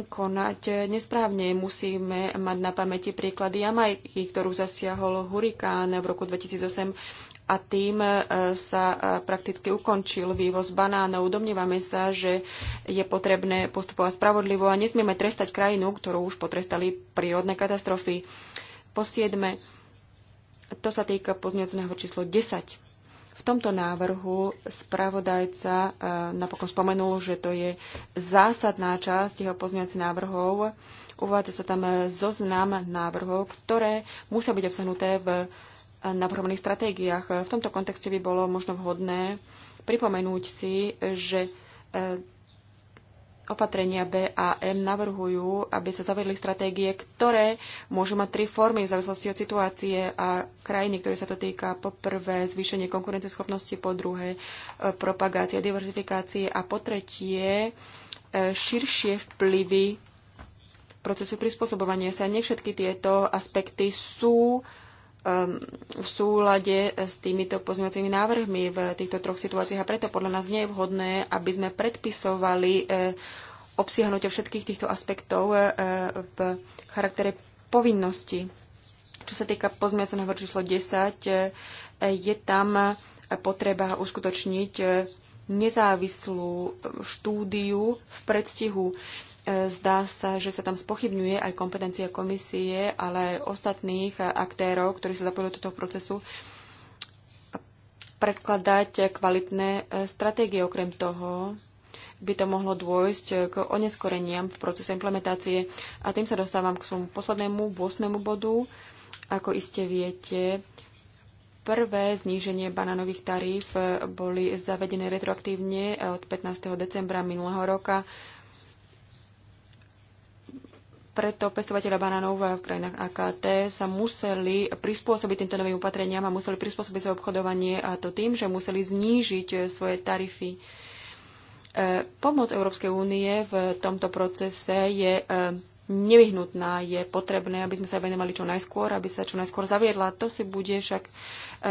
konať nesprávne. Musíme mať na pamäti príklady Jamajky, ktorú zasiahol hurikán v roku 2008 a tým e, sa e, prakticky ukončil vývoz banánov. Domnievame sa, že je potrebné postupovať spravodlivo a nesmieme trestať krajinu, ktorú už potrestali prírodné katastrofy. Po siedme, to sa týka pozmiacného číslo 10. V tomto návrhu spravodajca e, napokon spomenul, že to je zásadná časť jeho pozňovacích návrhov. Uvádza sa tam zoznam návrhov, ktoré musia byť obsahnuté v e, navrhovaných stratégiách. V tomto kontexte by bolo možno vhodné pripomenúť si, že e, Opatrenia B a M navrhujú, aby sa zavedli stratégie, ktoré môžu mať tri formy v závislosti od situácie a krajiny, ktoré sa to týka. Po prvé, zvýšenie konkurenceschopnosti, po druhé, e, propagácia, diverzifikácie a po tretie, e, širšie vplyvy procesu prispôsobovania sa. Nevšetky všetky tieto aspekty sú Um, v súlade s týmito pozmeňovacími návrhmi v týchto troch situáciách a preto podľa nás nie je vhodné, aby sme predpisovali eh, obsiahnutie všetkých týchto aspektov eh, v charaktere povinnosti. Čo sa týka pozmeňovacieho návrhu číslo 10, eh, je tam potreba uskutočniť nezávislú štúdiu v predstihu. Zdá sa, že sa tam spochybňuje aj kompetencia komisie, ale aj ostatných aktérov, ktorí sa zapojili do tohto procesu, predkladať kvalitné e, stratégie. Okrem toho by to mohlo dôjsť k oneskoreniam v procese implementácie. A tým sa dostávam k svojmu poslednému, 8. bodu. Ako iste viete, prvé zníženie banánových taríf e, boli zavedené retroaktívne e, od 15. decembra minulého roka preto pestovateľa banánov v krajinách AKT sa museli prispôsobiť týmto novým opatreniam a museli prispôsobiť svoje obchodovanie a to tým, že museli znížiť e, svoje tarify. E, pomoc Európskej únie v tomto procese je e, nevyhnutná, je potrebné, aby sme sa venovali čo najskôr, aby sa čo najskôr zaviedla. To si bude však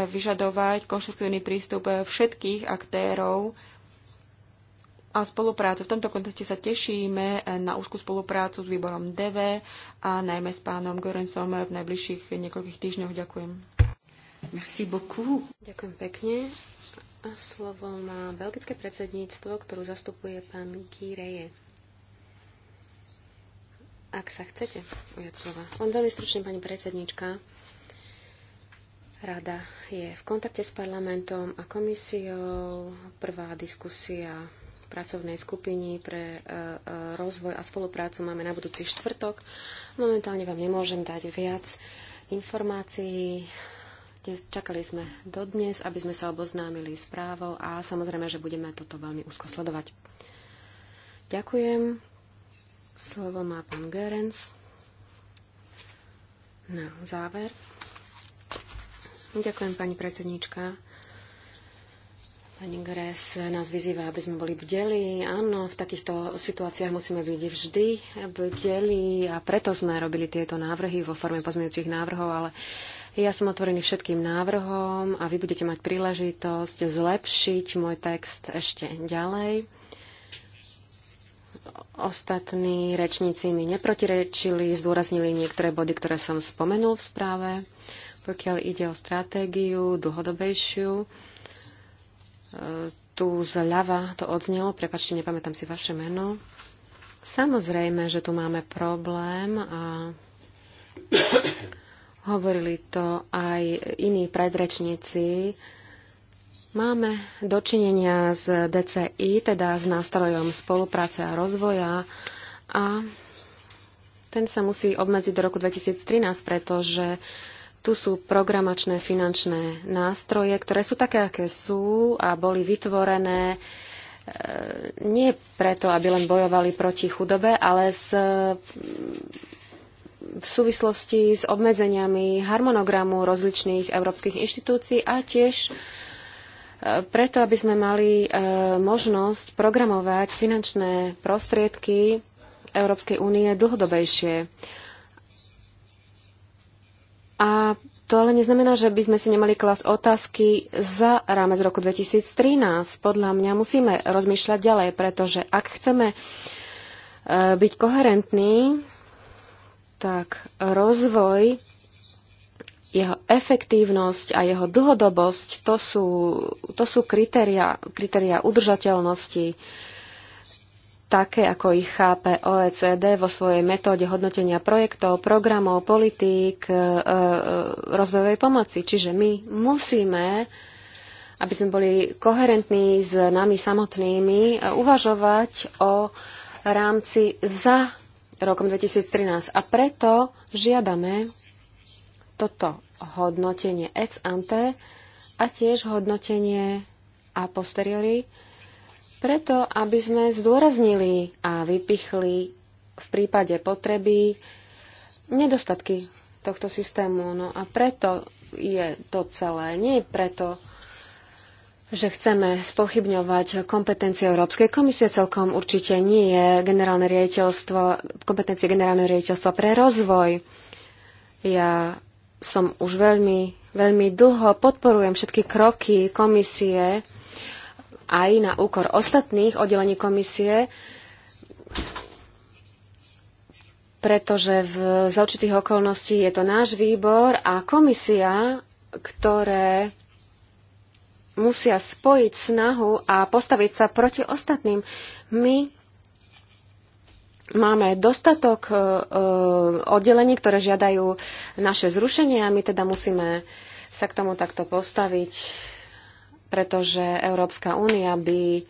vyžadovať konštruktívny prístup všetkých aktérov a spoluprácu. V tomto kontexte sa tešíme na úzkú spoluprácu s výborom DV a najmä s pánom Gorensom v najbližších niekoľkých týždňoch. Ďakujem. Merci beaucoup. Ďakujem pekne. A slovo má belgické predsedníctvo, ktorú zastupuje pán Gireje. Ak sa chcete ujať slova. Len veľmi stručne, pani predsedníčka. Rada je v kontakte s parlamentom a komisiou. Prvá diskusia pracovnej skupiny pre e, e, rozvoj a spoluprácu máme na budúci štvrtok. Momentálne vám nemôžem dať viac informácií. Čakali sme dodnes, aby sme sa oboznámili s právou a samozrejme, že budeme toto veľmi úzko sledovať. Ďakujem. Slovo má pán Gerenc. Na záver. Ďakujem, pani predsednička. Pani Gres nás vyzýva, aby sme boli bdeli. Áno, v takýchto situáciách musíme byť vždy bdeli a preto sme robili tieto návrhy vo forme pozmeňujúcich návrhov, ale ja som otvorený všetkým návrhom a vy budete mať príležitosť zlepšiť môj text ešte ďalej ostatní rečníci mi neprotirečili, zdôraznili niektoré body, ktoré som spomenul v správe. Pokiaľ ide o stratégiu dlhodobejšiu, tu zľava to odznelo, prepačte, nepamätám si vaše meno. Samozrejme, že tu máme problém a hovorili to aj iní predrečníci. Máme dočinenia s DCI, teda s nástrojom spolupráce a rozvoja a ten sa musí obmedziť do roku 2013, pretože tu sú programačné finančné nástroje, ktoré sú také, aké sú a boli vytvorené e, nie preto, aby len bojovali proti chudobe, ale s, v súvislosti s obmedzeniami harmonogramu rozličných európskych inštitúcií a tiež e, preto, aby sme mali e, možnosť programovať finančné prostriedky Európskej únie dlhodobejšie. A to ale neznamená, že by sme si nemali klas otázky za rámec roku 2013. Podľa mňa musíme rozmýšľať ďalej, pretože ak chceme e, byť koherentní, tak rozvoj, jeho efektívnosť a jeho dlhodobosť, to sú, to sú kritéria, kritéria udržateľnosti také, ako ich chápe OECD vo svojej metóde hodnotenia projektov, programov, politík, e, e, rozvojovej pomoci. Čiže my musíme, aby sme boli koherentní s nami samotnými, e, uvažovať o rámci za rokom 2013. A preto žiadame toto hodnotenie ex ante a tiež hodnotenie a posteriori preto, aby sme zdôraznili a vypichli v prípade potreby nedostatky tohto systému. No a preto je to celé. Nie preto, že chceme spochybňovať kompetencie Európskej komisie celkom určite nie je generálne riaditeľstvo, kompetencie generálneho riaditeľstva pre rozvoj. Ja som už veľmi, veľmi dlho podporujem všetky kroky komisie, aj na úkor ostatných oddelení komisie, pretože v, za určitých okolností je to náš výbor a komisia, ktoré musia spojiť snahu a postaviť sa proti ostatným. My máme dostatok e, e, oddelení, ktoré žiadajú naše zrušenie a my teda musíme sa k tomu takto postaviť pretože Európska únia by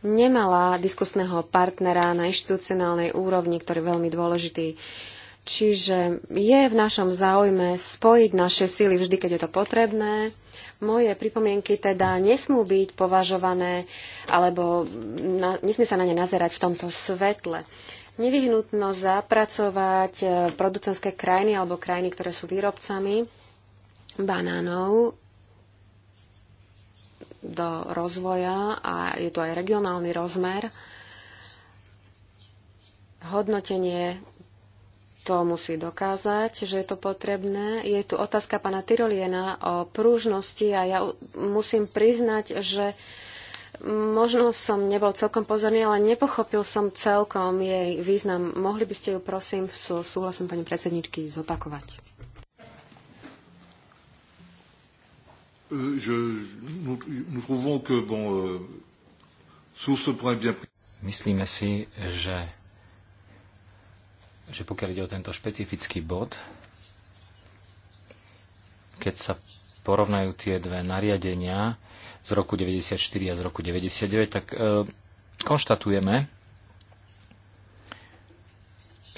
nemala diskusného partnera na inštitucionálnej úrovni, ktorý je veľmi dôležitý. Čiže je v našom záujme spojiť naše síly vždy, keď je to potrebné. Moje pripomienky teda nesmú byť považované, alebo na, nesmie sa na ne nazerať v tomto svetle. Nevyhnutno zapracovať eh, producentské krajiny alebo krajiny, ktoré sú výrobcami banánov do rozvoja a je tu aj regionálny rozmer. Hodnotenie to musí dokázať, že je to potrebné. Je tu otázka pana Tyroliena o prúžnosti a ja musím priznať, že možno som nebol celkom pozorný, ale nepochopil som celkom jej význam. Mohli by ste ju, prosím, súhlasom pani predsedničky zopakovať. Euh, je, nous, nous trouvons que, bon, euh, sur ce point bien pris. Myslíme si, že, že pokiaľ ide o tento špecifický bod, keď sa porovnajú tie dve nariadenia z roku 94 a z roku 99, tak e, konštatujeme,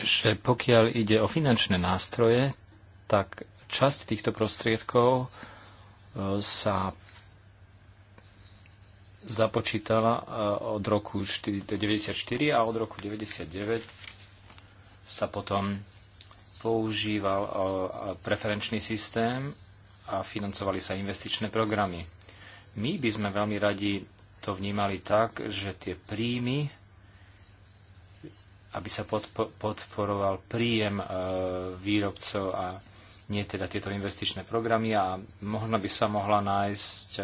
že pokiaľ ide o finančné nástroje, tak časť týchto prostriedkov sa započítala e, od roku 1994 a od roku 1999 sa potom používal e, preferenčný systém a financovali sa investičné programy. My by sme veľmi radi to vnímali tak, že tie príjmy, aby sa podporoval príjem e, výrobcov a nie teda tieto investičné programy a možno by sa mohla nájsť e,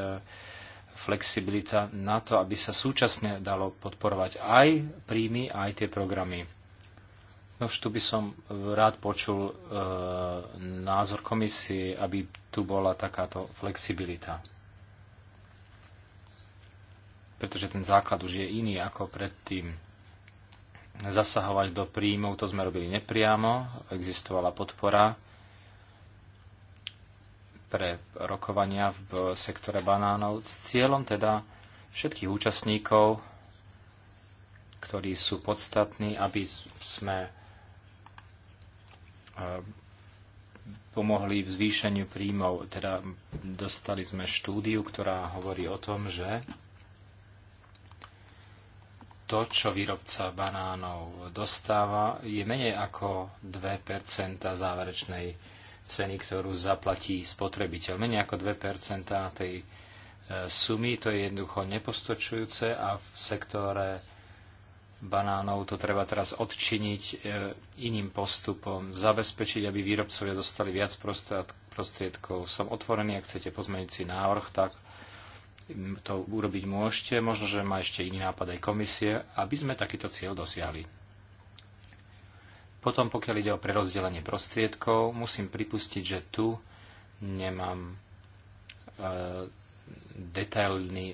flexibilita na to, aby sa súčasne dalo podporovať aj príjmy, aj tie programy. No už tu by som rád počul e, názor komisie, aby tu bola takáto flexibilita. Pretože ten základ už je iný ako predtým. Zasahovať do príjmov, to sme robili nepriamo, existovala podpora pre rokovania v sektore banánov s cieľom teda všetkých účastníkov, ktorí sú podstatní, aby sme e, pomohli v zvýšeniu príjmov. Teda dostali sme štúdiu, ktorá hovorí o tom, že to, čo výrobca banánov dostáva, je menej ako 2 záverečnej ceny, ktorú zaplatí spotrebiteľ. Menej ako 2% tej e, sumy, to je jednoducho nepostočujúce a v sektore banánov to treba teraz odčiniť e, iným postupom, zabezpečiť, aby výrobcovia dostali viac prostriedkov. Som otvorený, ak chcete pozmeniť si návrh, tak to urobiť môžete. Možno, že má ešte iný nápad aj komisie, aby sme takýto cieľ dosiahli. Potom, pokiaľ ide o prerozdelenie prostriedkov, musím pripustiť, že tu nemám e,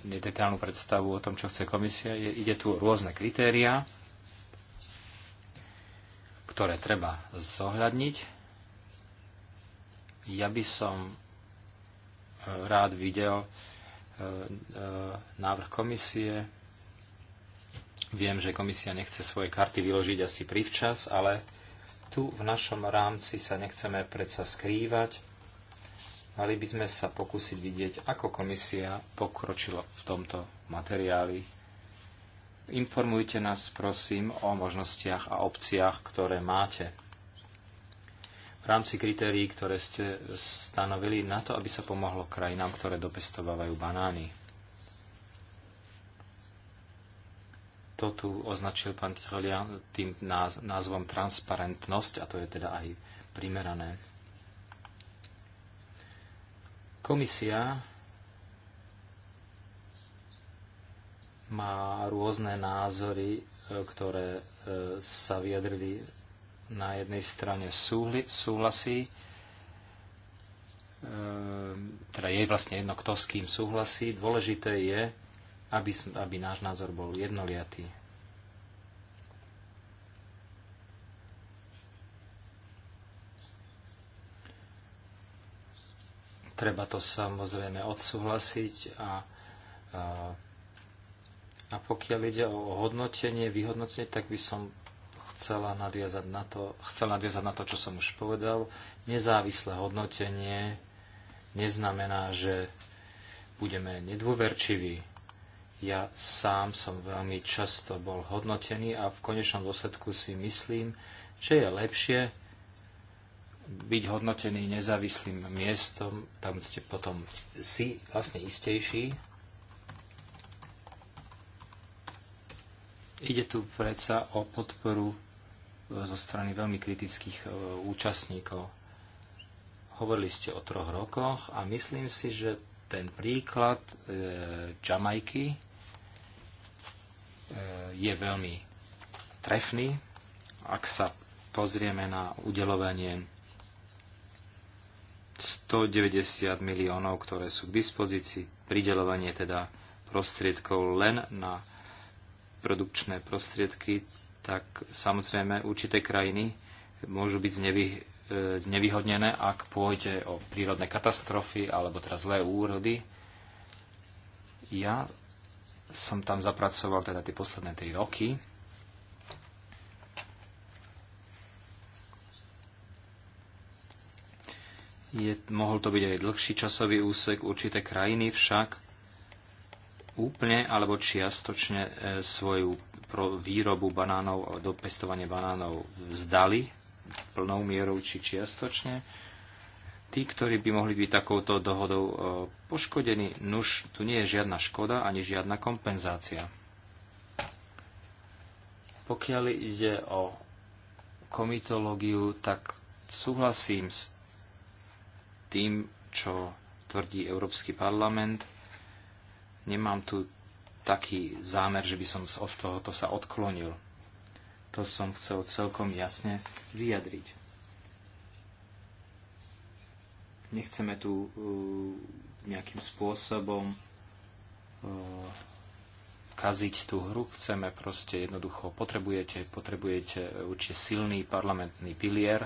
detailnú predstavu o tom, čo chce komisia. Ide tu o rôzne kritéria, ktoré treba zohľadniť. Ja by som e, rád videl e, e, návrh komisie. Viem, že komisia nechce svoje karty vyložiť asi privčas, ale tu v našom rámci sa nechceme predsa skrývať. Mali by sme sa pokúsiť vidieť, ako komisia pokročila v tomto materiáli. Informujte nás, prosím, o možnostiach a opciách, ktoré máte v rámci kritérií, ktoré ste stanovili na to, aby sa pomohlo krajinám, ktoré dopestovávajú banány. To tu označil pán Tirolian tým názvom transparentnosť a to je teda aj primerané. Komisia má rôzne názory, e, ktoré e, sa vyjadrili na jednej strane súhli, súhlasí, e, teda je vlastne jedno, kto s kým súhlasí. Dôležité je, aby, aby náš názor bol jednoliatý. Treba to samozrejme odsúhlasiť a, a, a pokiaľ ide o hodnotenie, vyhodnotenie, tak by som chcela nadviazať na to, chcel nadviazať na to, čo som už povedal. Nezávislé hodnotenie neznamená, že budeme nedôverčiví ja sám som veľmi často bol hodnotený a v konečnom dôsledku si myslím, že je lepšie byť hodnotený nezávislým miestom, tam ste potom si vlastne istejší. Ide tu predsa o podporu e, zo strany veľmi kritických e, účastníkov. Hovorili ste o troch rokoch a myslím si, že ten príklad e, Jamajky, E, je veľmi trefný. Ak sa pozrieme na udelovanie 190 miliónov, ktoré sú k dispozícii, pridelovanie teda prostriedkov len na produkčné prostriedky, tak samozrejme určité krajiny môžu byť znevy, e, znevýhodnené, ak pôjde o prírodné katastrofy alebo teraz zlé úrody. Ja som tam zapracoval teda tie posledné 3 roky. Je, mohol to byť aj dlhší časový úsek, určité krajiny však úplne alebo čiastočne e, svoju pro výrobu banánov a dopestovanie banánov vzdali plnou mierou či čiastočne tí, ktorí by mohli byť takouto dohodou e, poškodení, nuž tu nie je žiadna škoda ani žiadna kompenzácia. Pokiaľ ide o komitológiu, tak súhlasím s tým, čo tvrdí Európsky parlament. Nemám tu taký zámer, že by som od tohoto sa odklonil. To som chcel celkom jasne vyjadriť. Nechceme tu uh, nejakým spôsobom uh, kaziť tú hru, chceme proste jednoducho, potrebujete, potrebujete určite silný parlamentný pilier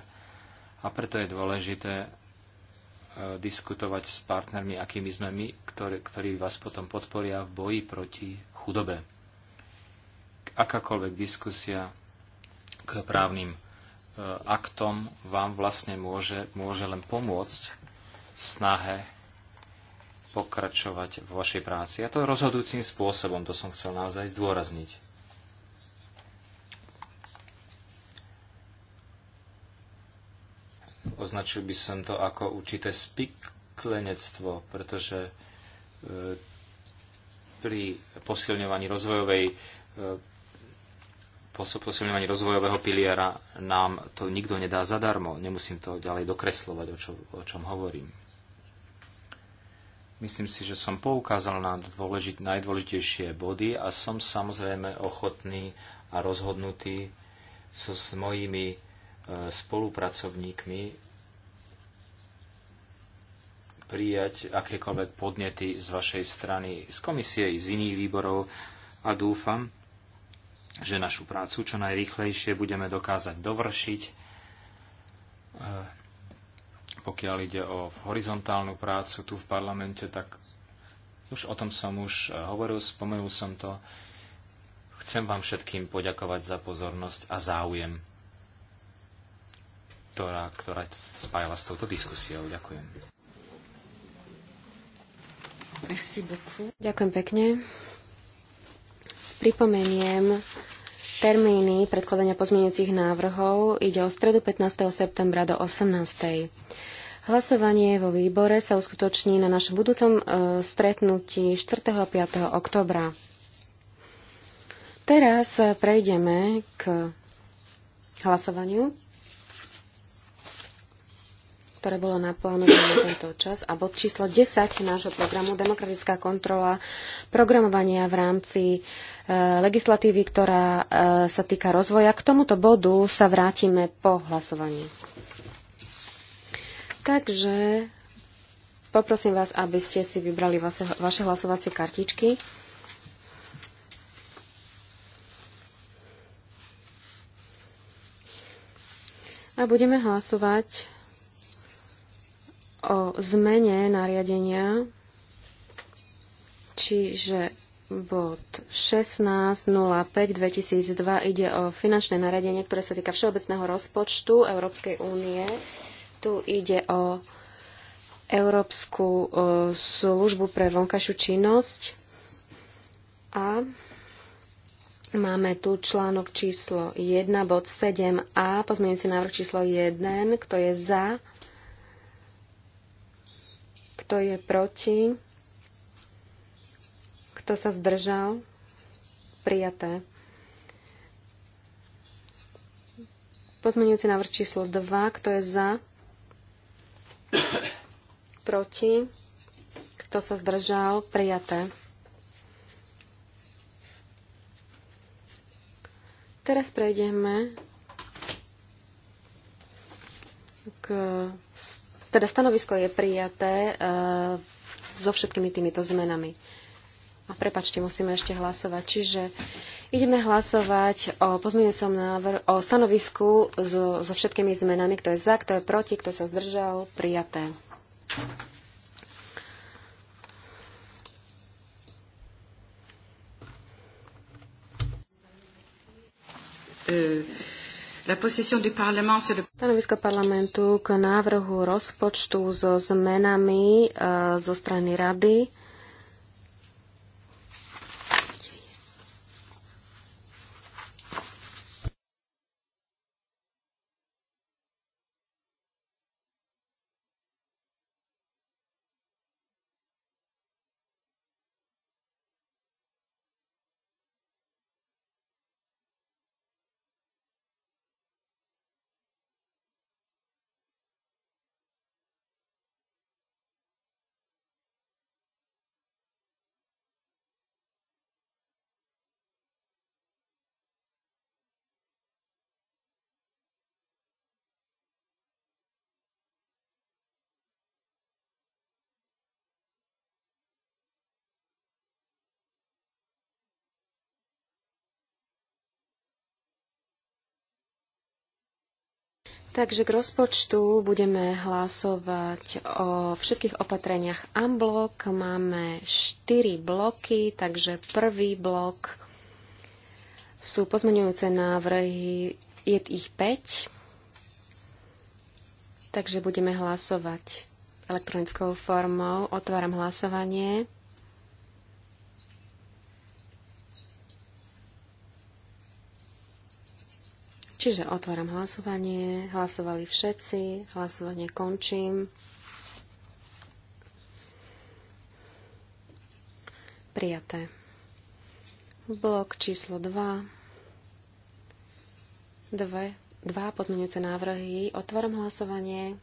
a preto je dôležité uh, diskutovať s partnermi, akými sme my, ktorý, ktorí vás potom podporia v boji proti chudobe. Akákoľvek diskusia k právnym aktom vám vlastne môže, môže len pomôcť snahe pokračovať vo vašej práci. A to rozhodujúcim spôsobom, to som chcel naozaj zdôrazniť. Označil by som to ako určité spiklenectvo, pretože e, pri posilňovaní rozvojovej e, posilňovaní rozvojového piliera nám to nikto nedá zadarmo. Nemusím to ďalej dokreslovať, o, čo, o čom hovorím. Myslím si, že som poukázal na dôležit, najdôležitejšie body a som samozrejme ochotný a rozhodnutý so, s mojimi e, spolupracovníkmi prijať akékoľvek podnety z vašej strany, z komisie i z iných výborov a dúfam, že našu prácu čo najrýchlejšie budeme dokázať dovršiť. E, pokiaľ ide o horizontálnu prácu tu v parlamente, tak už o tom som už e, hovoril, spomenul som to. Chcem vám všetkým poďakovať za pozornosť a záujem, ktorá, ktorá spájala s touto diskusiou. Ďakujem. Ďakujem pekne. Pripomeniem termíny predkladania pozmeňujúcich návrhov. Ide o stredu 15. septembra do 18. Hlasovanie vo výbore sa uskutoční na našom budúcom e, stretnutí 4. a 5. oktobra. Teraz e, prejdeme k hlasovaniu, ktoré bolo naplánované na tento čas a bod číslo 10 nášho programu Demokratická kontrola programovania v rámci e, legislatívy, ktorá sa týka rozvoja. K tomuto bodu sa vrátime po hlasovaní. Takže poprosím vás, aby ste si vybrali vaše, vaše hlasovacie kartičky. A budeme hlasovať o zmene nariadenia, čiže bod 16.05.2002 ide o finančné nariadenie, ktoré sa týka všeobecného rozpočtu Európskej únie tu ide o Európsku e, službu pre vonkajšiu činnosť a Máme tu článok číslo 1, bod 7a, pozmeňujúci návrh číslo 1, kto je za, kto je proti, kto sa zdržal, prijaté. Pozmeňujúci návrh číslo 2, kto je za, Proti? Kto sa zdržal? Prijaté. Teraz prejdeme k... Teda stanovisko je prijaté e, so všetkými týmito zmenami. A prepačte, musíme ešte hlasovať. Čiže Ideme hlasovať o pozmeňujúcom návrhu, o stanovisku so, so všetkými zmenami, kto je za, kto je proti, kto sa zdržal, prijaté. Euh, Stanovisko parlamentu k návrhu rozpočtu so zmenami e, zo strany rady. Takže k rozpočtu budeme hlasovať o všetkých opatreniach Amblok. Máme štyri bloky, takže prvý blok sú pozmeňujúce návrhy, je ich 5. Takže budeme hlasovať elektronickou formou. Otváram hlasovanie. Čiže otváram hlasovanie. Hlasovali všetci. Hlasovanie končím. Prijaté. Blok číslo 2. Dve, dva pozmeňujúce návrhy. Otváram hlasovanie.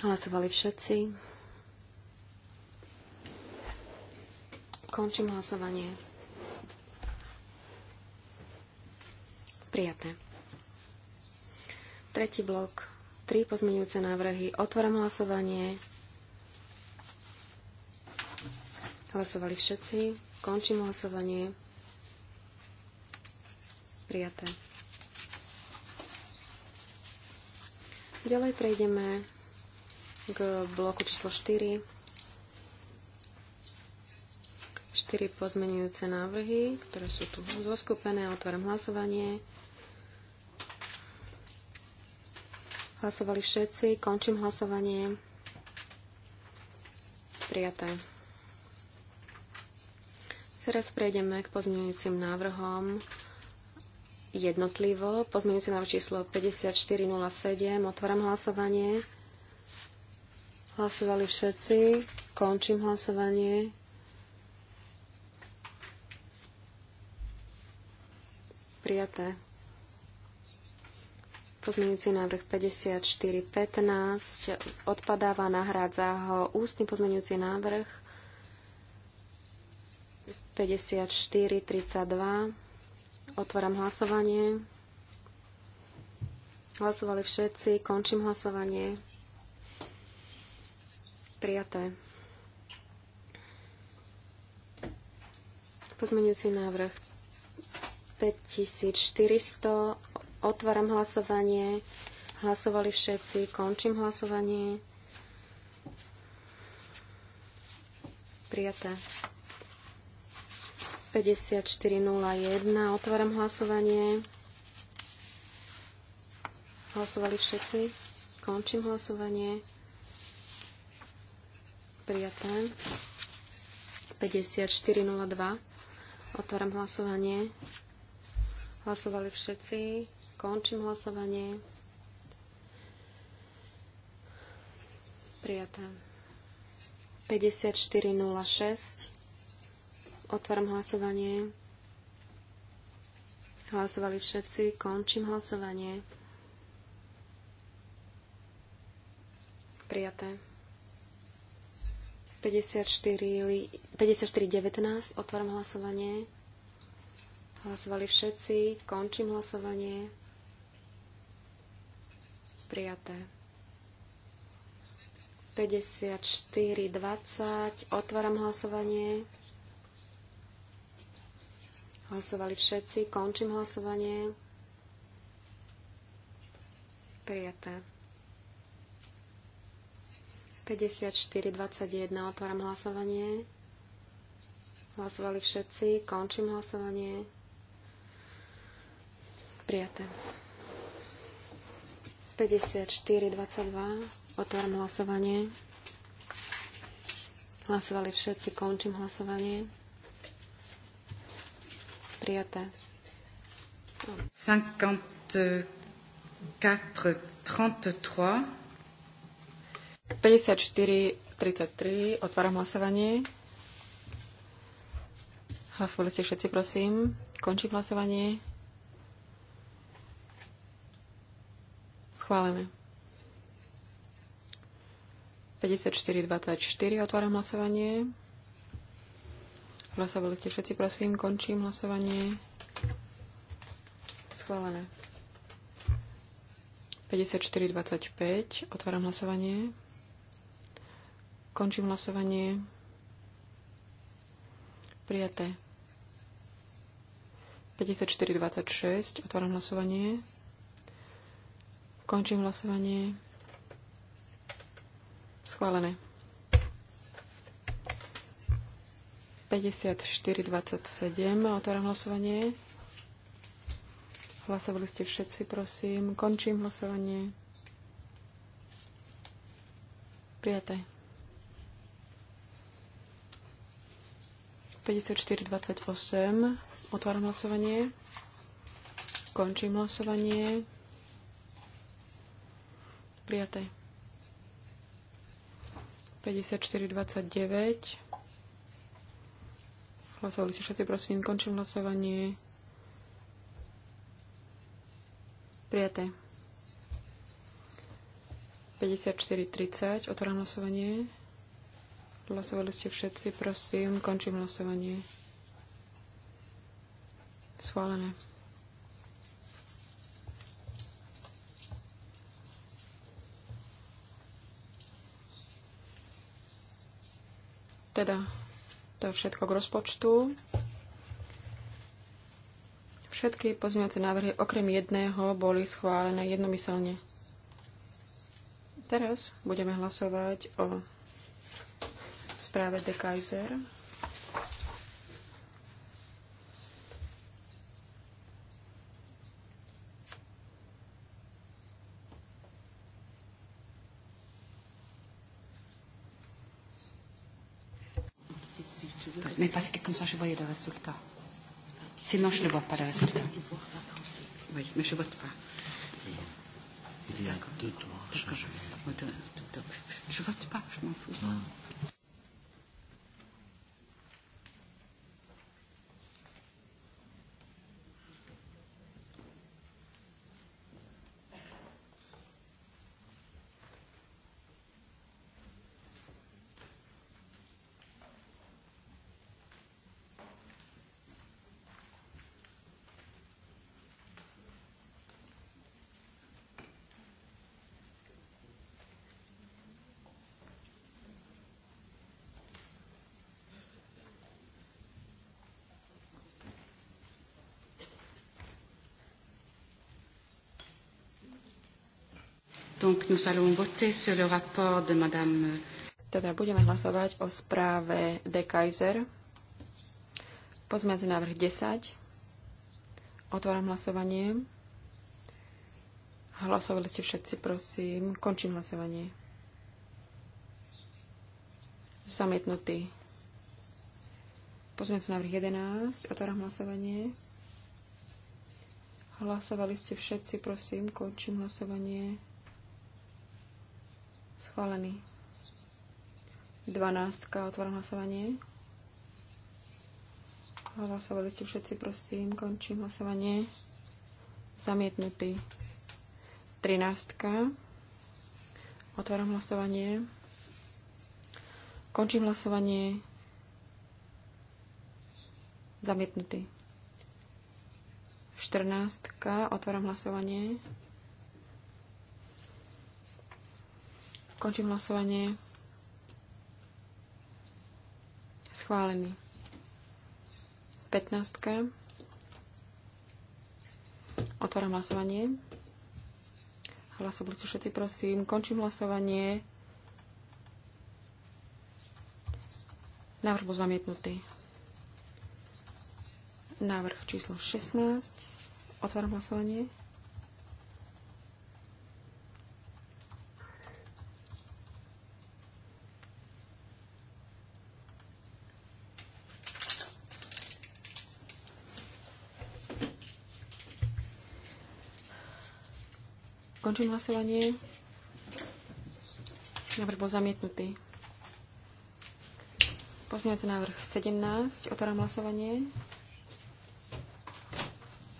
Hlasovali všetci. Končím hlasovanie. Prijaté. Tretí blok. Tri pozmeňujúce návrhy. Otváram hlasovanie. Hlasovali všetci. Končím hlasovanie. Prijaté. Ďalej prejdeme k bloku číslo 4. 4 pozmenujúce návrhy, ktoré sú tu zoskupené. Otváram hlasovanie. Hlasovali všetci. Končím hlasovanie. Prijaté. Teraz prejdeme k pozmenujúcim návrhom jednotlivo. Pozmenujúci návrh číslo 5407. Otváram hlasovanie. Hlasovali všetci. Končím hlasovanie. prijaté. Pozmeňujúci návrh 5415 odpadáva, nahrádza ho ústny pozmeňujúci návrh 5432. Otváram hlasovanie. Hlasovali všetci. Končím hlasovanie. Prijaté. Pozmeňujúci návrh 5400. Otváram hlasovanie. Hlasovali všetci. Končím hlasovanie. Prijaté. 54.01. Otváram hlasovanie. Hlasovali všetci. Končím hlasovanie. Prijaté. 54.02. Otváram hlasovanie. Hlasovali všetci. Končím hlasovanie. Prijaté. 54.06. Otváram hlasovanie. Hlasovali všetci. Končím hlasovanie. Prijaté. 54.19. 54, otváram hlasovanie. Hlasovali všetci. Končím hlasovanie. Prijaté. 54-20. Otváram hlasovanie. Hlasovali všetci. Končím hlasovanie. Prijaté. 54, 21, Otváram hlasovanie. Hlasovali všetci. Končím hlasovanie Prijaté. 54, 22. Otváram hlasovanie. Hlasovali všetci. Končím hlasovanie. Prijaté. 54, 33. 54, 33. Otváram hlasovanie. Hlasovali ste všetci, prosím. Končím hlasovanie. Schválené. 54-24. Otváram hlasovanie. Hlasovali ste všetci, prosím. Končím hlasovanie. Schválené. 54-25. Otváram hlasovanie. Končím hlasovanie. Prijaté. 54-26. Otváram hlasovanie. Končím hlasovanie. Schválené. 54.27. Otváram hlasovanie. Hlasovali ste všetci, prosím. Končím hlasovanie. Prijaté. 54.28. Otváram hlasovanie. Končím hlasovanie. Prijaté. 54,29. Hlasovali si všetci, prosím. Končím hlasovanie. Prijaté. 54.30. Otváram hlasovanie. Hlasovali ste všetci, prosím. Končím hlasovanie. Schválené. Teda to je všetko k rozpočtu. Všetky pozmeňujúce návrhy okrem jedného boli schválené jednomyselne. Teraz budeme hlasovať o správe De Kaiser. ça je voyais le résultat. Sinon, je ne vois pas le résultat. Oui, mais je ne vote pas. Il y a deux, trois changements. Je ne vote pas, je m'en fous. Non. Donc nous allons voter sur le rapport de Madame. Euh, teda budeme hlasovať o správe De Kaiser. Pozmeňte návrh 10. Otváram hlasovanie. Hlasovali ste všetci, prosím. Končím hlasovanie. Zamietnutý. Pozmeňte návrh 11. Otváram hlasovanie. Hlasovali ste všetci, prosím. Končím hlasovanie. Schválený. 12. Otváram hlasovanie. Hlasovali ste všetci, prosím. Končím hlasovanie. Zamietnutý. 13. Otváram hlasovanie. Končím hlasovanie. Zamietnutý. 14. Otváram hlasovanie. Končím hlasovanie. Schválený. 15. Otváram hlasovanie. Hlasovali ste všetci, prosím. Končím hlasovanie. Návrh bol zamietnutý. Návrh číslo 16. Otváram hlasovanie. Končím hlasovanie. Návrh bol zamietnutý. Pozmeňujúci návrh 17. Otváram hlasovanie.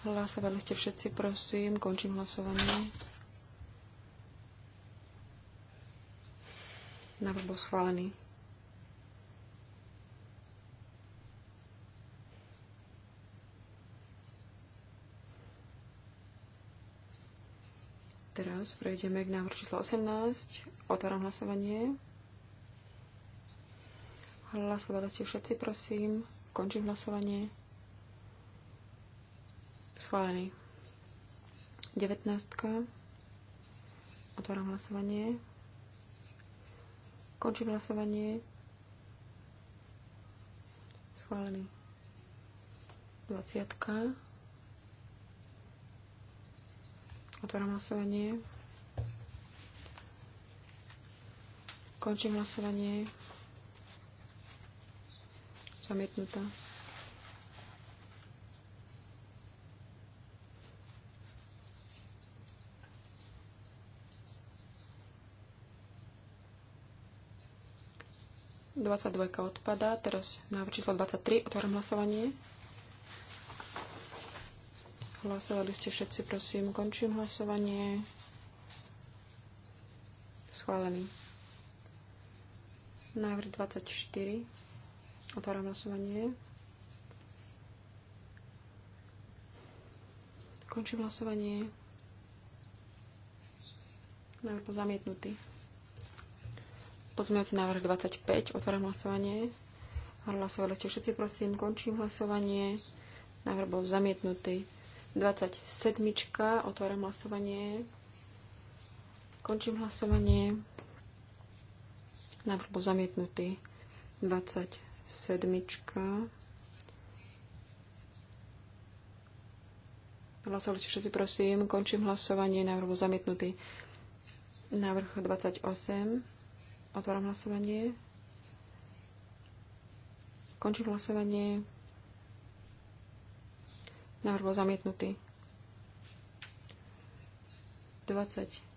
Hlasovali ste všetci, prosím. Končím hlasovanie. Návrh bol schválený. Teraz prejdeme k návrhu číslo 18. Otváram hlasovanie. Hlasovali ste všetci, prosím. Končím hlasovanie. Schválený. 19. Otváram hlasovanie. Končím hlasovanie. Schválený. 20. Otváram hlasovanie. Končím hlasovanie. Zamietnutá. dvojka odpadá. Teraz návrh číslo 23. Otváram hlasovanie. Hlasovali ste všetci, prosím. Končím hlasovanie. Schválený. Návrh 24. Otváram hlasovanie. Končím hlasovanie. Návrh bol zamietnutý. Pozmeňovací návrh 25. Otváram hlasovanie. Hlasovali ste všetci, prosím. Končím hlasovanie. Návrh bol zamietnutý. 27. Otváram hlasovanie. Končím hlasovanie. Návrh bol zamietnutý. 27. Hlasovali všetci, prosím. Končím hlasovanie. Návrh bol zamietnutý. Návrh 28. Otváram hlasovanie. Končím hlasovanie. Návrh bol zamietnutý. 20.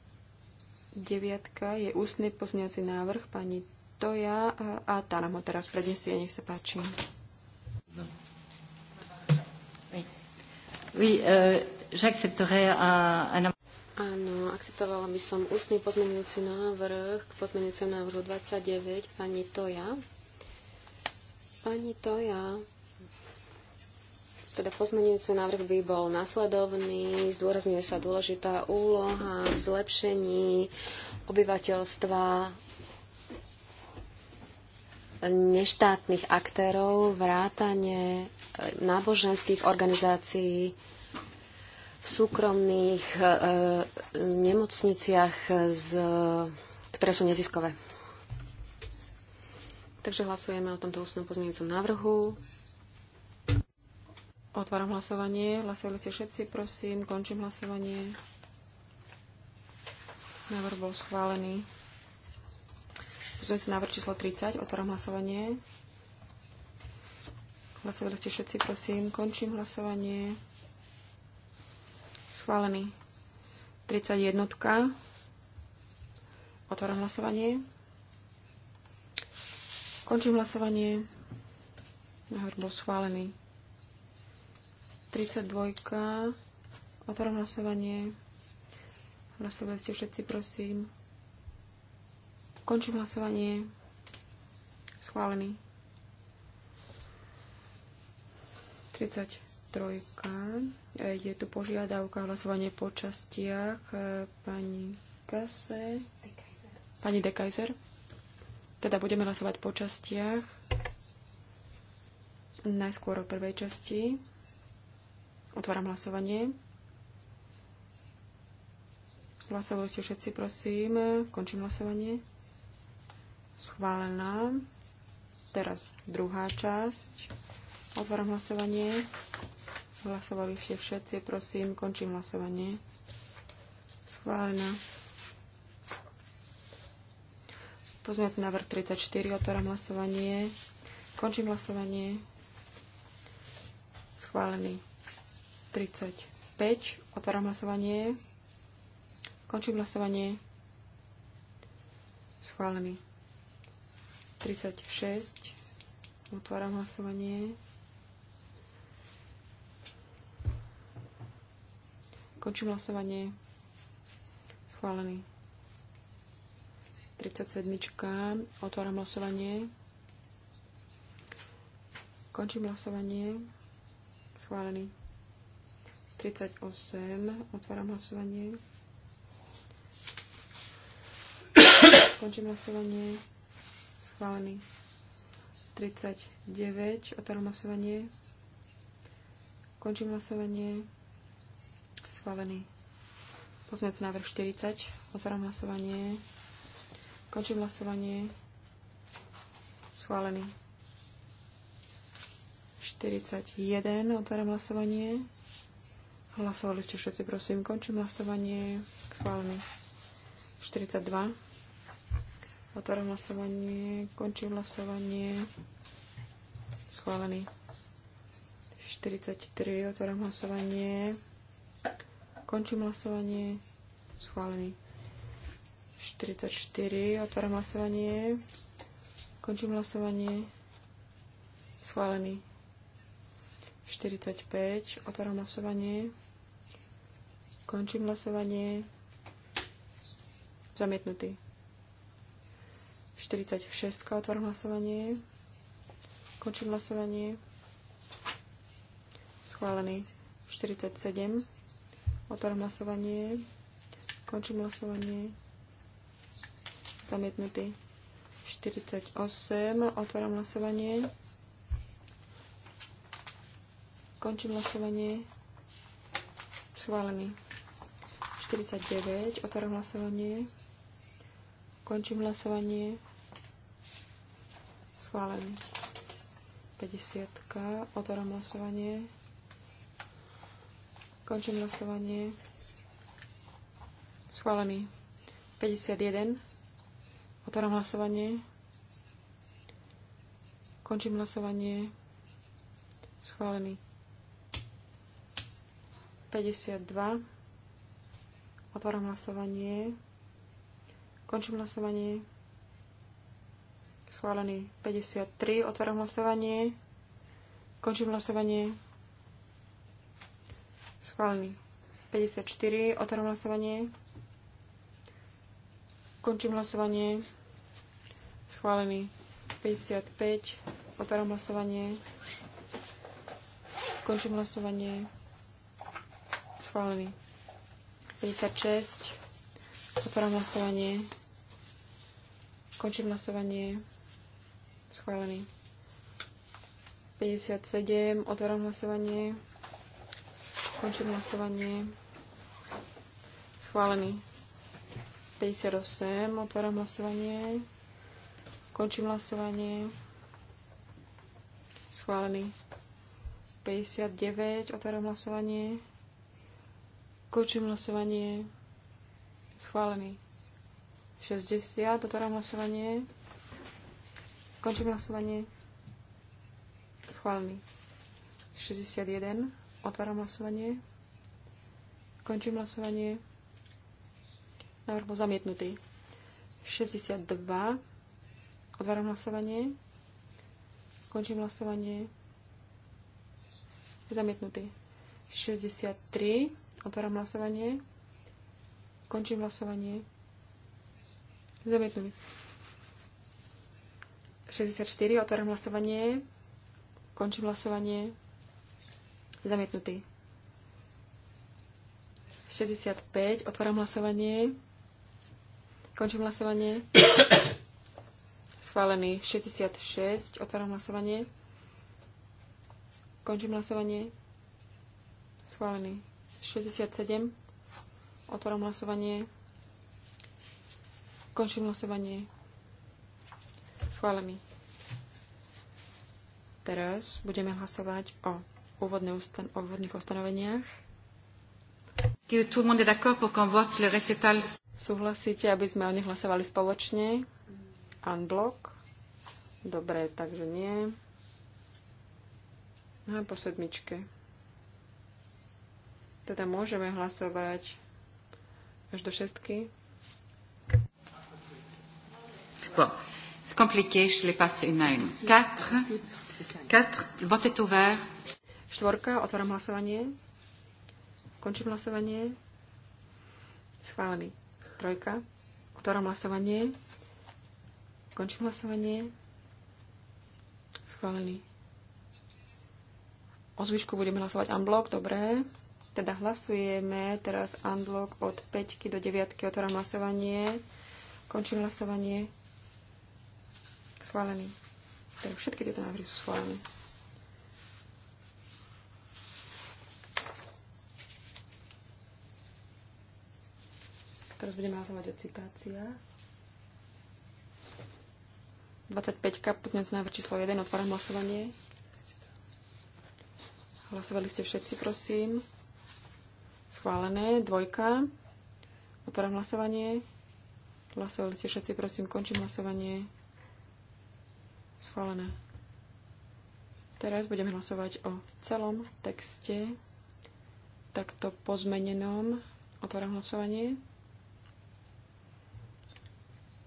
Deviatka je ústny pozmeňovací návrh pani Toja a tá nám ho teraz predniesie, nech sa páči. Oui, euh, un... Áno, akceptovala by som ústny pozmeňujúci návrh k pozmeňujúcemu návrhu 29 pani Toja. Pani Toja teda pozmenujúci návrh by bol nasledovný. Zdôrazňuje sa dôležitá úloha v zlepšení obyvateľstva neštátnych aktérov, vrátane náboženských organizácií, v súkromných e, nemocniciach, z, ktoré sú neziskové. Takže hlasujeme o tomto ústnom pozmeňujúcom návrhu. Otváram hlasovanie. Hlasovali ste všetci, prosím. Končím hlasovanie. Návrh bol schválený. si návrh číslo 30. Otváram hlasovanie. Hlasovali ste všetci, prosím. Končím hlasovanie. Schválený. 31. Otváram hlasovanie. Končím hlasovanie. Návrh bol schválený. 32. Otvorím hlasovanie. Hlasovali ste všetci, prosím. Končím hlasovanie. Schválený. 33. E, je tu požiadavka hlasovanie po častiach e, pani Kase. Pani De Kaiser. Teda budeme hlasovať po častiach. Najskôr o prvej časti. Otváram hlasovanie. Hlasovali ste všetci, prosím. Končím hlasovanie. Schválená. Teraz druhá časť. Otváram hlasovanie. Hlasovali ste všetci, prosím. Končím hlasovanie. Schválená. Pozmeňací návrh 34, otváram hlasovanie. Končím hlasovanie. Schválený. 35. Otváram hlasovanie. Končím hlasovanie. Schválený. 36. Otváram hlasovanie. Končím hlasovanie. Schválený. 37. Otváram hlasovanie. Končím hlasovanie. Schválený. 38. Otváram hlasovanie. Končím hlasovanie. Schválený. 39. Otváram hlasovanie. Končím hlasovanie. Schválený. Poznec návrh 40. Otváram hlasovanie. Končím hlasovanie. Schválený. 41. Otváram hlasovanie. Hlasovali ste všetci, prosím. Končím hlasovanie. Schválené. 42. Otváram hlasovanie. Končím hlasovanie. Schválený. 43. Otváram hlasovanie. Končím hlasovanie. Schválený. 44. Otváram hlasovanie. Končím hlasovanie. Schválený. 45. Otváram hlasovanie. Končím hlasovanie. Zamietnutý. 46. Otváram hlasovanie. Končím hlasovanie. Schválený. 47. Otváram hlasovanie. Končím hlasovanie. Zamietnutý. 48. Otváram hlasovanie. Končím hlasovanie. Schválený. 49. Otváram hlasovanie. Končím hlasovanie. Schválený. 50. Otváram hlasovanie. Končím hlasovanie. Schválený. 51. Otváram hlasovanie. Končím hlasovanie. Schválený. 52. Otváram hlasovanie. Končím hlasovanie. Schválený 53. Otváram hlasovanie. Končím hlasovanie. Schválený 54. Otváram hlasovanie. Končím hlasovanie. Schválený 55. Otváram hlasovanie. Končím hlasovanie. Schválený. 56. Otváram hlasovanie. Končím hlasovanie. Schválený. 57. Otváram hlasovanie. Končím hlasovanie. Schválený. 58. Otváram hlasovanie. Končím hlasovanie. Schválený. 59. Otváram hlasovanie. Končím hlasovanie. Schválený. 60. Otváram hlasovanie. Končím hlasovanie. Schválený. 61. Otváram hlasovanie. Končím hlasovanie. Návrh bol zamietnutý. 62. Otváram hlasovanie. Končím hlasovanie. Zamietnutý. 63. Otváram hlasovanie. Končím hlasovanie. Zamietnutý. 64. Otváram hlasovanie. Končím hlasovanie. Zamietnutý. 65. Otváram hlasovanie. Končím hlasovanie. Schválený. 66. Otváram hlasovanie. Končím hlasovanie. Schválený. 67. Otváram hlasovanie. Končím hlasovanie. Schválený. Teraz budeme hlasovať o, úvodných ustan- o úvodných ustanoveniach. Súhlasíte, aby sme o nich hlasovali spoločne? Unblock. Dobre, takže nie. No a po sedmičke. Teda môžeme hlasovať až do šestky. Bon. C'est compliqué, je les passe une à une. Quatre. Quatre. Le vote est ouvert. Štvorka, otváram hlasovanie. Končím hlasovanie. Schválený. Trojka. Otváram hlasovanie. Končím hlasovanie. Schválený. O zvyšku budeme hlasovať unblock, dobré. Teda hlasujeme teraz unblock od 5 do 9. Otváram hlasovanie. Končím hlasovanie. Schválený. Teda všetky tieto návrhy sú schválené. Teraz budeme hlasovať o citácia. 25. Poďme návrh číslo 1. Otváram hlasovanie. Hlasovali ste všetci, prosím. Schválené. Dvojka. Otváram hlasovanie. Hlasovali ste všetci, prosím, končím hlasovanie. Schválené. Teraz budeme hlasovať o celom texte, takto pozmenenom. Otváram hlasovanie.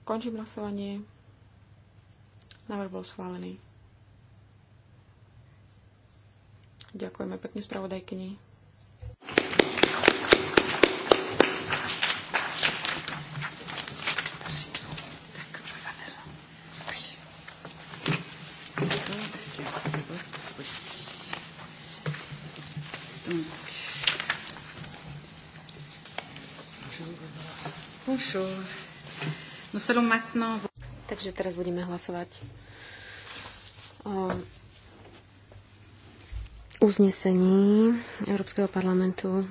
Končím hlasovanie. Návrh bol schválený. Ďakujeme pekne spravodajkyni. Bonjour. Nous maintenant... Takže teraz budeme hlasovať o uznesení Európskeho parlamentu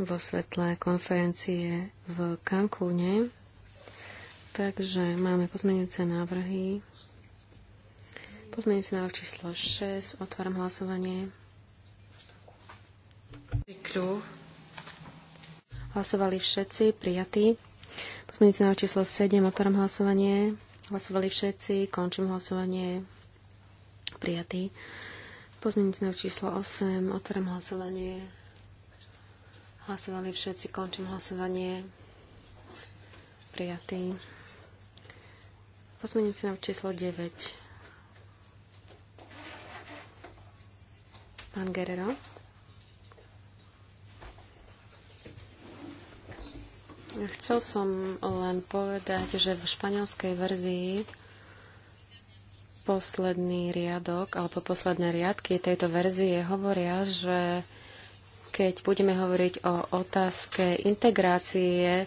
vo svetle konferencie v Cancúne. Takže máme pozmeňujúce návrhy. Pozmeňujúce návrh číslo 6. Otváram hlasovanie clos. Hlasovali všetci, prijatí. Pozmeňujúci na číslo 7, otváram hlasovanie. Hlasovali všetci, končím hlasovanie, prijatí. Pozmeňujúci na číslo 8, otváram hlasovanie. Hlasovali všetci, končím hlasovanie, prijatí. Pozmeňujúci na číslo 9, Pán Guerrero. Chcel som len povedať, že v španielskej verzii posledný riadok alebo posledné riadky tejto verzie hovoria, že keď budeme hovoriť o otázke integrácie e,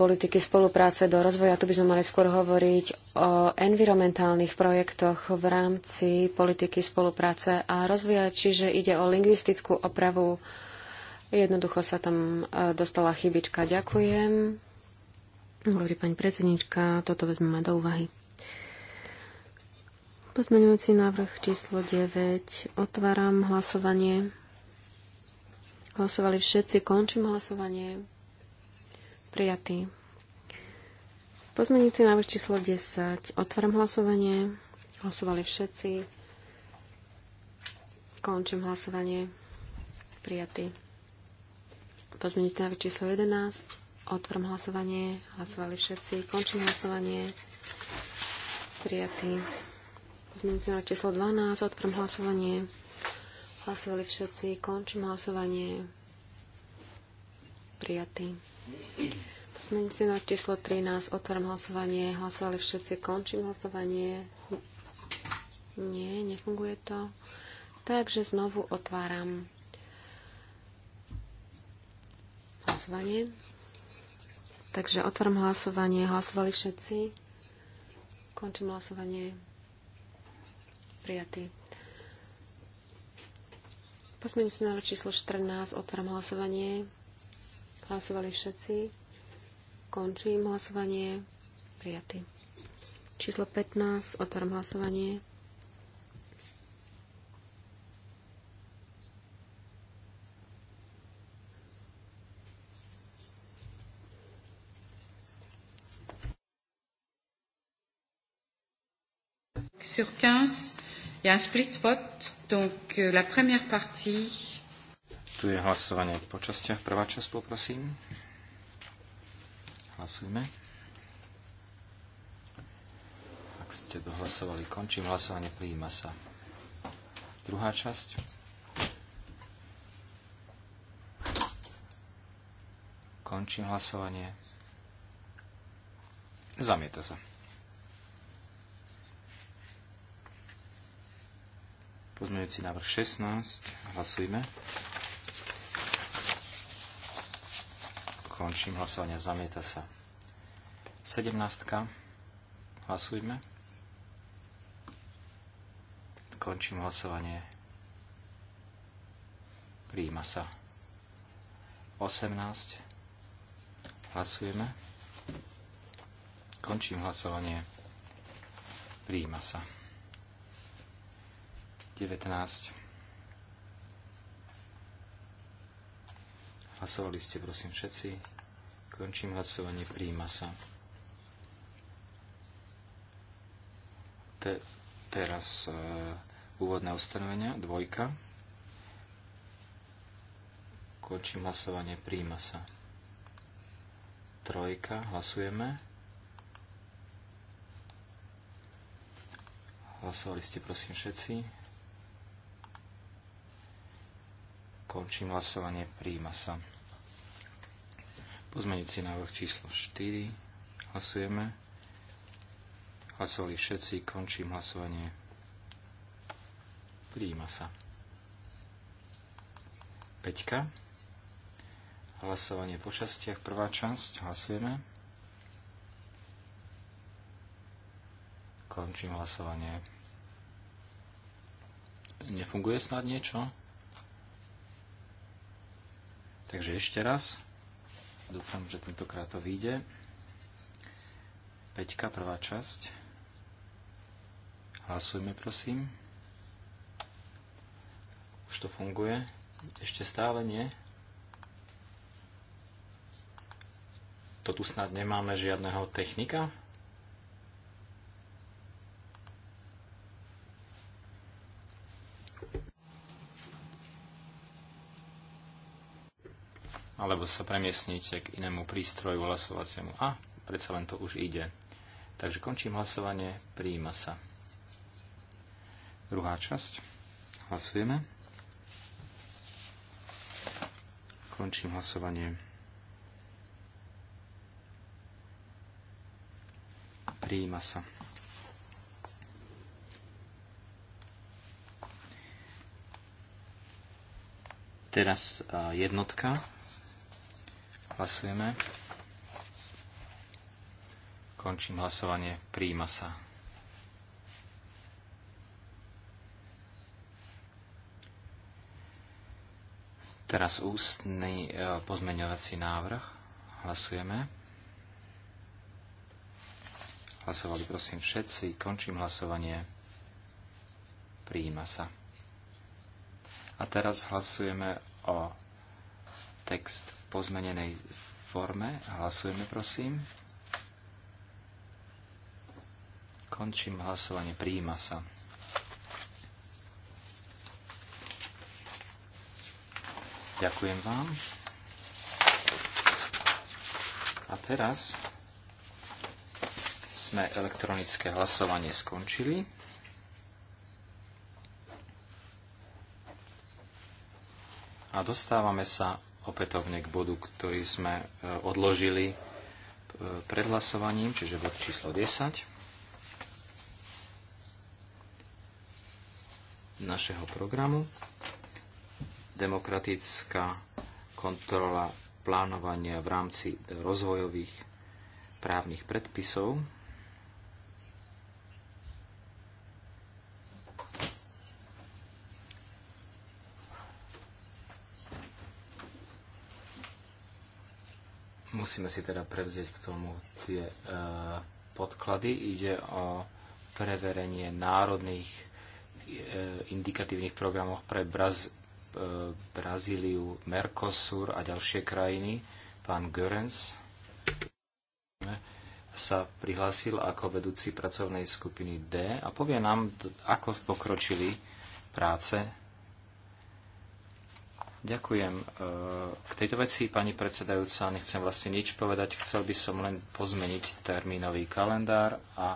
politiky spolupráce do rozvoja. Tu by sme mali skôr hovoriť o environmentálnych projektoch v rámci politiky spolupráce a rozvoja, čiže ide o lingvistickú opravu Jednoducho sa tam e, dostala chybička. Ďakujem. Hovorí pani predsednička, toto vezmeme do úvahy. Pozmeňujúci návrh číslo 9. Otváram hlasovanie. Hlasovali všetci. Končím hlasovanie. Prijatý. Pozmeňujúci návrh číslo 10. Otváram hlasovanie. Hlasovali všetci. Končím hlasovanie. Prijatý. Pozmeniť návrh číslo 11. Otvorím hlasovanie. Hlasovali všetci. Končím hlasovanie. Prijatý. Pozmeniť návrh číslo 12. Otvorím hlasovanie. Hlasovali všetci. Končím hlasovanie. Prijatý. Pozmeniť návrh číslo 13. Otvorím hlasovanie. Hlasovali všetci. Končím hlasovanie. Nie, nefunguje to. Takže znovu otváram hlasovanie. Takže otvorím hlasovanie. Hlasovali všetci. Končím hlasovanie. Prijatý. Pozmeňujúci návrh číslo 14. Otvorím hlasovanie. Hlasovali všetci. Končím hlasovanie. Prijatý. Číslo 15. Otvorím hlasovanie. sur 15, il y a un split vote, donc euh, la première partie. Tu je hlasovanie po častiach. Prvá časť, poprosím. Hlasujme. Ak ste dohlasovali, končím hlasovanie, prijíma sa. Druhá časť. Končím hlasovanie. Zamieta sa. Pozmeňujúci návrh 16. Hlasujme. Končím hlasovanie. Zamieta sa. 17. Hlasujme. Končím hlasovanie. Príjima sa. 18. Hlasujeme. Končím hlasovanie. Príjima sa. 19. Hlasovali ste, prosím, všetci. Končím hlasovanie, príjma sa. Te, teraz e, úvodné ustanovenia, dvojka. Končím hlasovanie, príjma sa. Trojka, hlasujeme. Hlasovali ste, prosím, všetci. Končím hlasovanie. Príjima sa. Pozmeňujúci návrh číslo 4. Hlasujeme. Hlasovali všetci. Končím hlasovanie. Príjima sa. Peťka. Hlasovanie po častiach. Prvá časť. Hlasujeme. Končím hlasovanie. Nefunguje snad niečo? Takže ešte raz. Dúfam, že tentokrát to vyjde. Peťka, prvá časť. Hlasujme, prosím. Už to funguje. Ešte stále nie. To tu snad nemáme žiadneho technika. alebo sa premiesnite k inému prístroju hlasovaciemu. A predsa len to už ide. Takže končím hlasovanie, prijíma sa. Druhá časť. Hlasujeme. Končím hlasovanie. Prijíma sa. Teraz jednotka Hlasujeme. Končím hlasovanie. Príjima sa. Teraz ústny e, pozmeňovací návrh. Hlasujeme. Hlasovali prosím všetci. Končím hlasovanie. Príjima sa. A teraz hlasujeme o text v pozmenenej forme. Hlasujeme, prosím. Končím hlasovanie. Prijíma sa. Ďakujem vám. A teraz sme elektronické hlasovanie skončili. A dostávame sa opätovne k bodu, ktorý sme e, odložili e, pred hlasovaním, čiže bod číslo 10 našeho programu. Demokratická kontrola plánovania v rámci rozvojových právnych predpisov Musíme si teda prevzieť k tomu tie e, podklady. Ide o preverenie národných e, indikatívnych programoch pre Braz, e, Brazíliu, Mercosur a ďalšie krajiny. Pán Görens sa prihlásil ako vedúci pracovnej skupiny D a povie nám, ako pokročili práce Ďakujem. E, k tejto veci, pani predsedajúca, nechcem vlastne nič povedať. Chcel by som len pozmeniť termínový kalendár a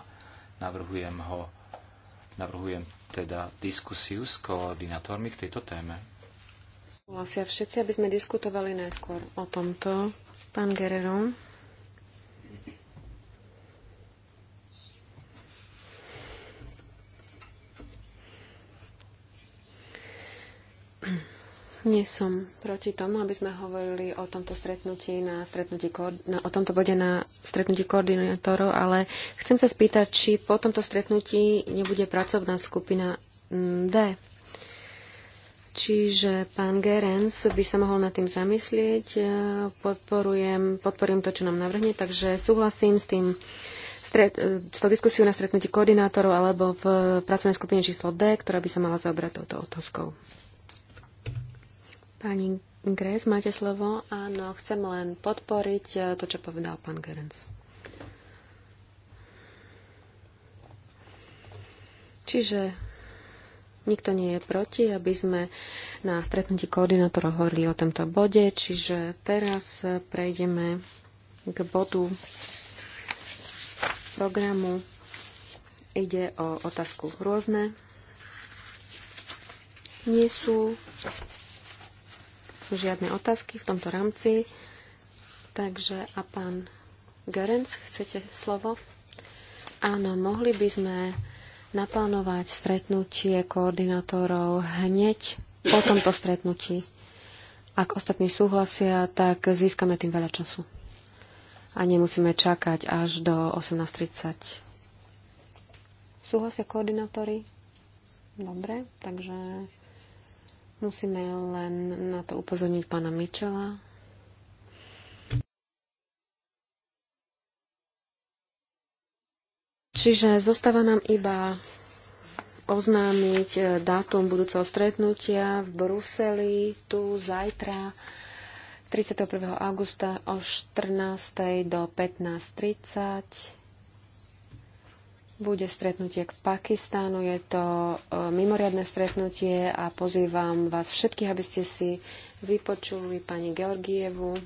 navrhujem ho, navrhujem teda diskusiu s koordinátormi k tejto téme. Súhlasia všetci, aby sme diskutovali najskôr o tomto. Pán Guerrero. Nie som proti tomu, aby sme hovorili o tomto stretnutí na stretnutí na, o tomto bode na stretnutí koordinátorov, ale chcem sa spýtať, či po tomto stretnutí nebude pracovná skupina D. Čiže pán Gerens by sa mohol nad tým zamyslieť. Podporujem, podporím to, čo nám navrhne, takže súhlasím s tým s tou diskusiou na stretnutí koordinátorov alebo v pracovnej skupine číslo D, ktorá by sa mala zaobrať touto otázkou. Pani Gres, máte slovo. Áno, chcem len podporiť eh, to, čo povedal pán Gerenc. Čiže nikto nie je proti, aby sme na stretnutí koordinátorov hovorili o tomto bode. Čiže teraz eh, prejdeme k bodu programu. Ide o otázku rôzne. Nie sú sú žiadne otázky v tomto rámci. Takže a pán Gerenc, chcete slovo? Áno, mohli by sme naplánovať stretnutie koordinátorov hneď po tomto stretnutí. Ak ostatní súhlasia, tak získame tým veľa času. A nemusíme čakať až do 18.30. Súhlasia koordinátory? Dobre, takže Musíme len na to upozorniť pána Mičela. Čiže zostáva nám iba oznámiť eh, dátum budúceho stretnutia v Bruseli tu zajtra 31. augusta o 14. do 15.30 bude stretnutie k Pakistánu. Je to e, mimoriadne stretnutie a pozývam vás všetkých, aby ste si vypočuli pani Georgievu,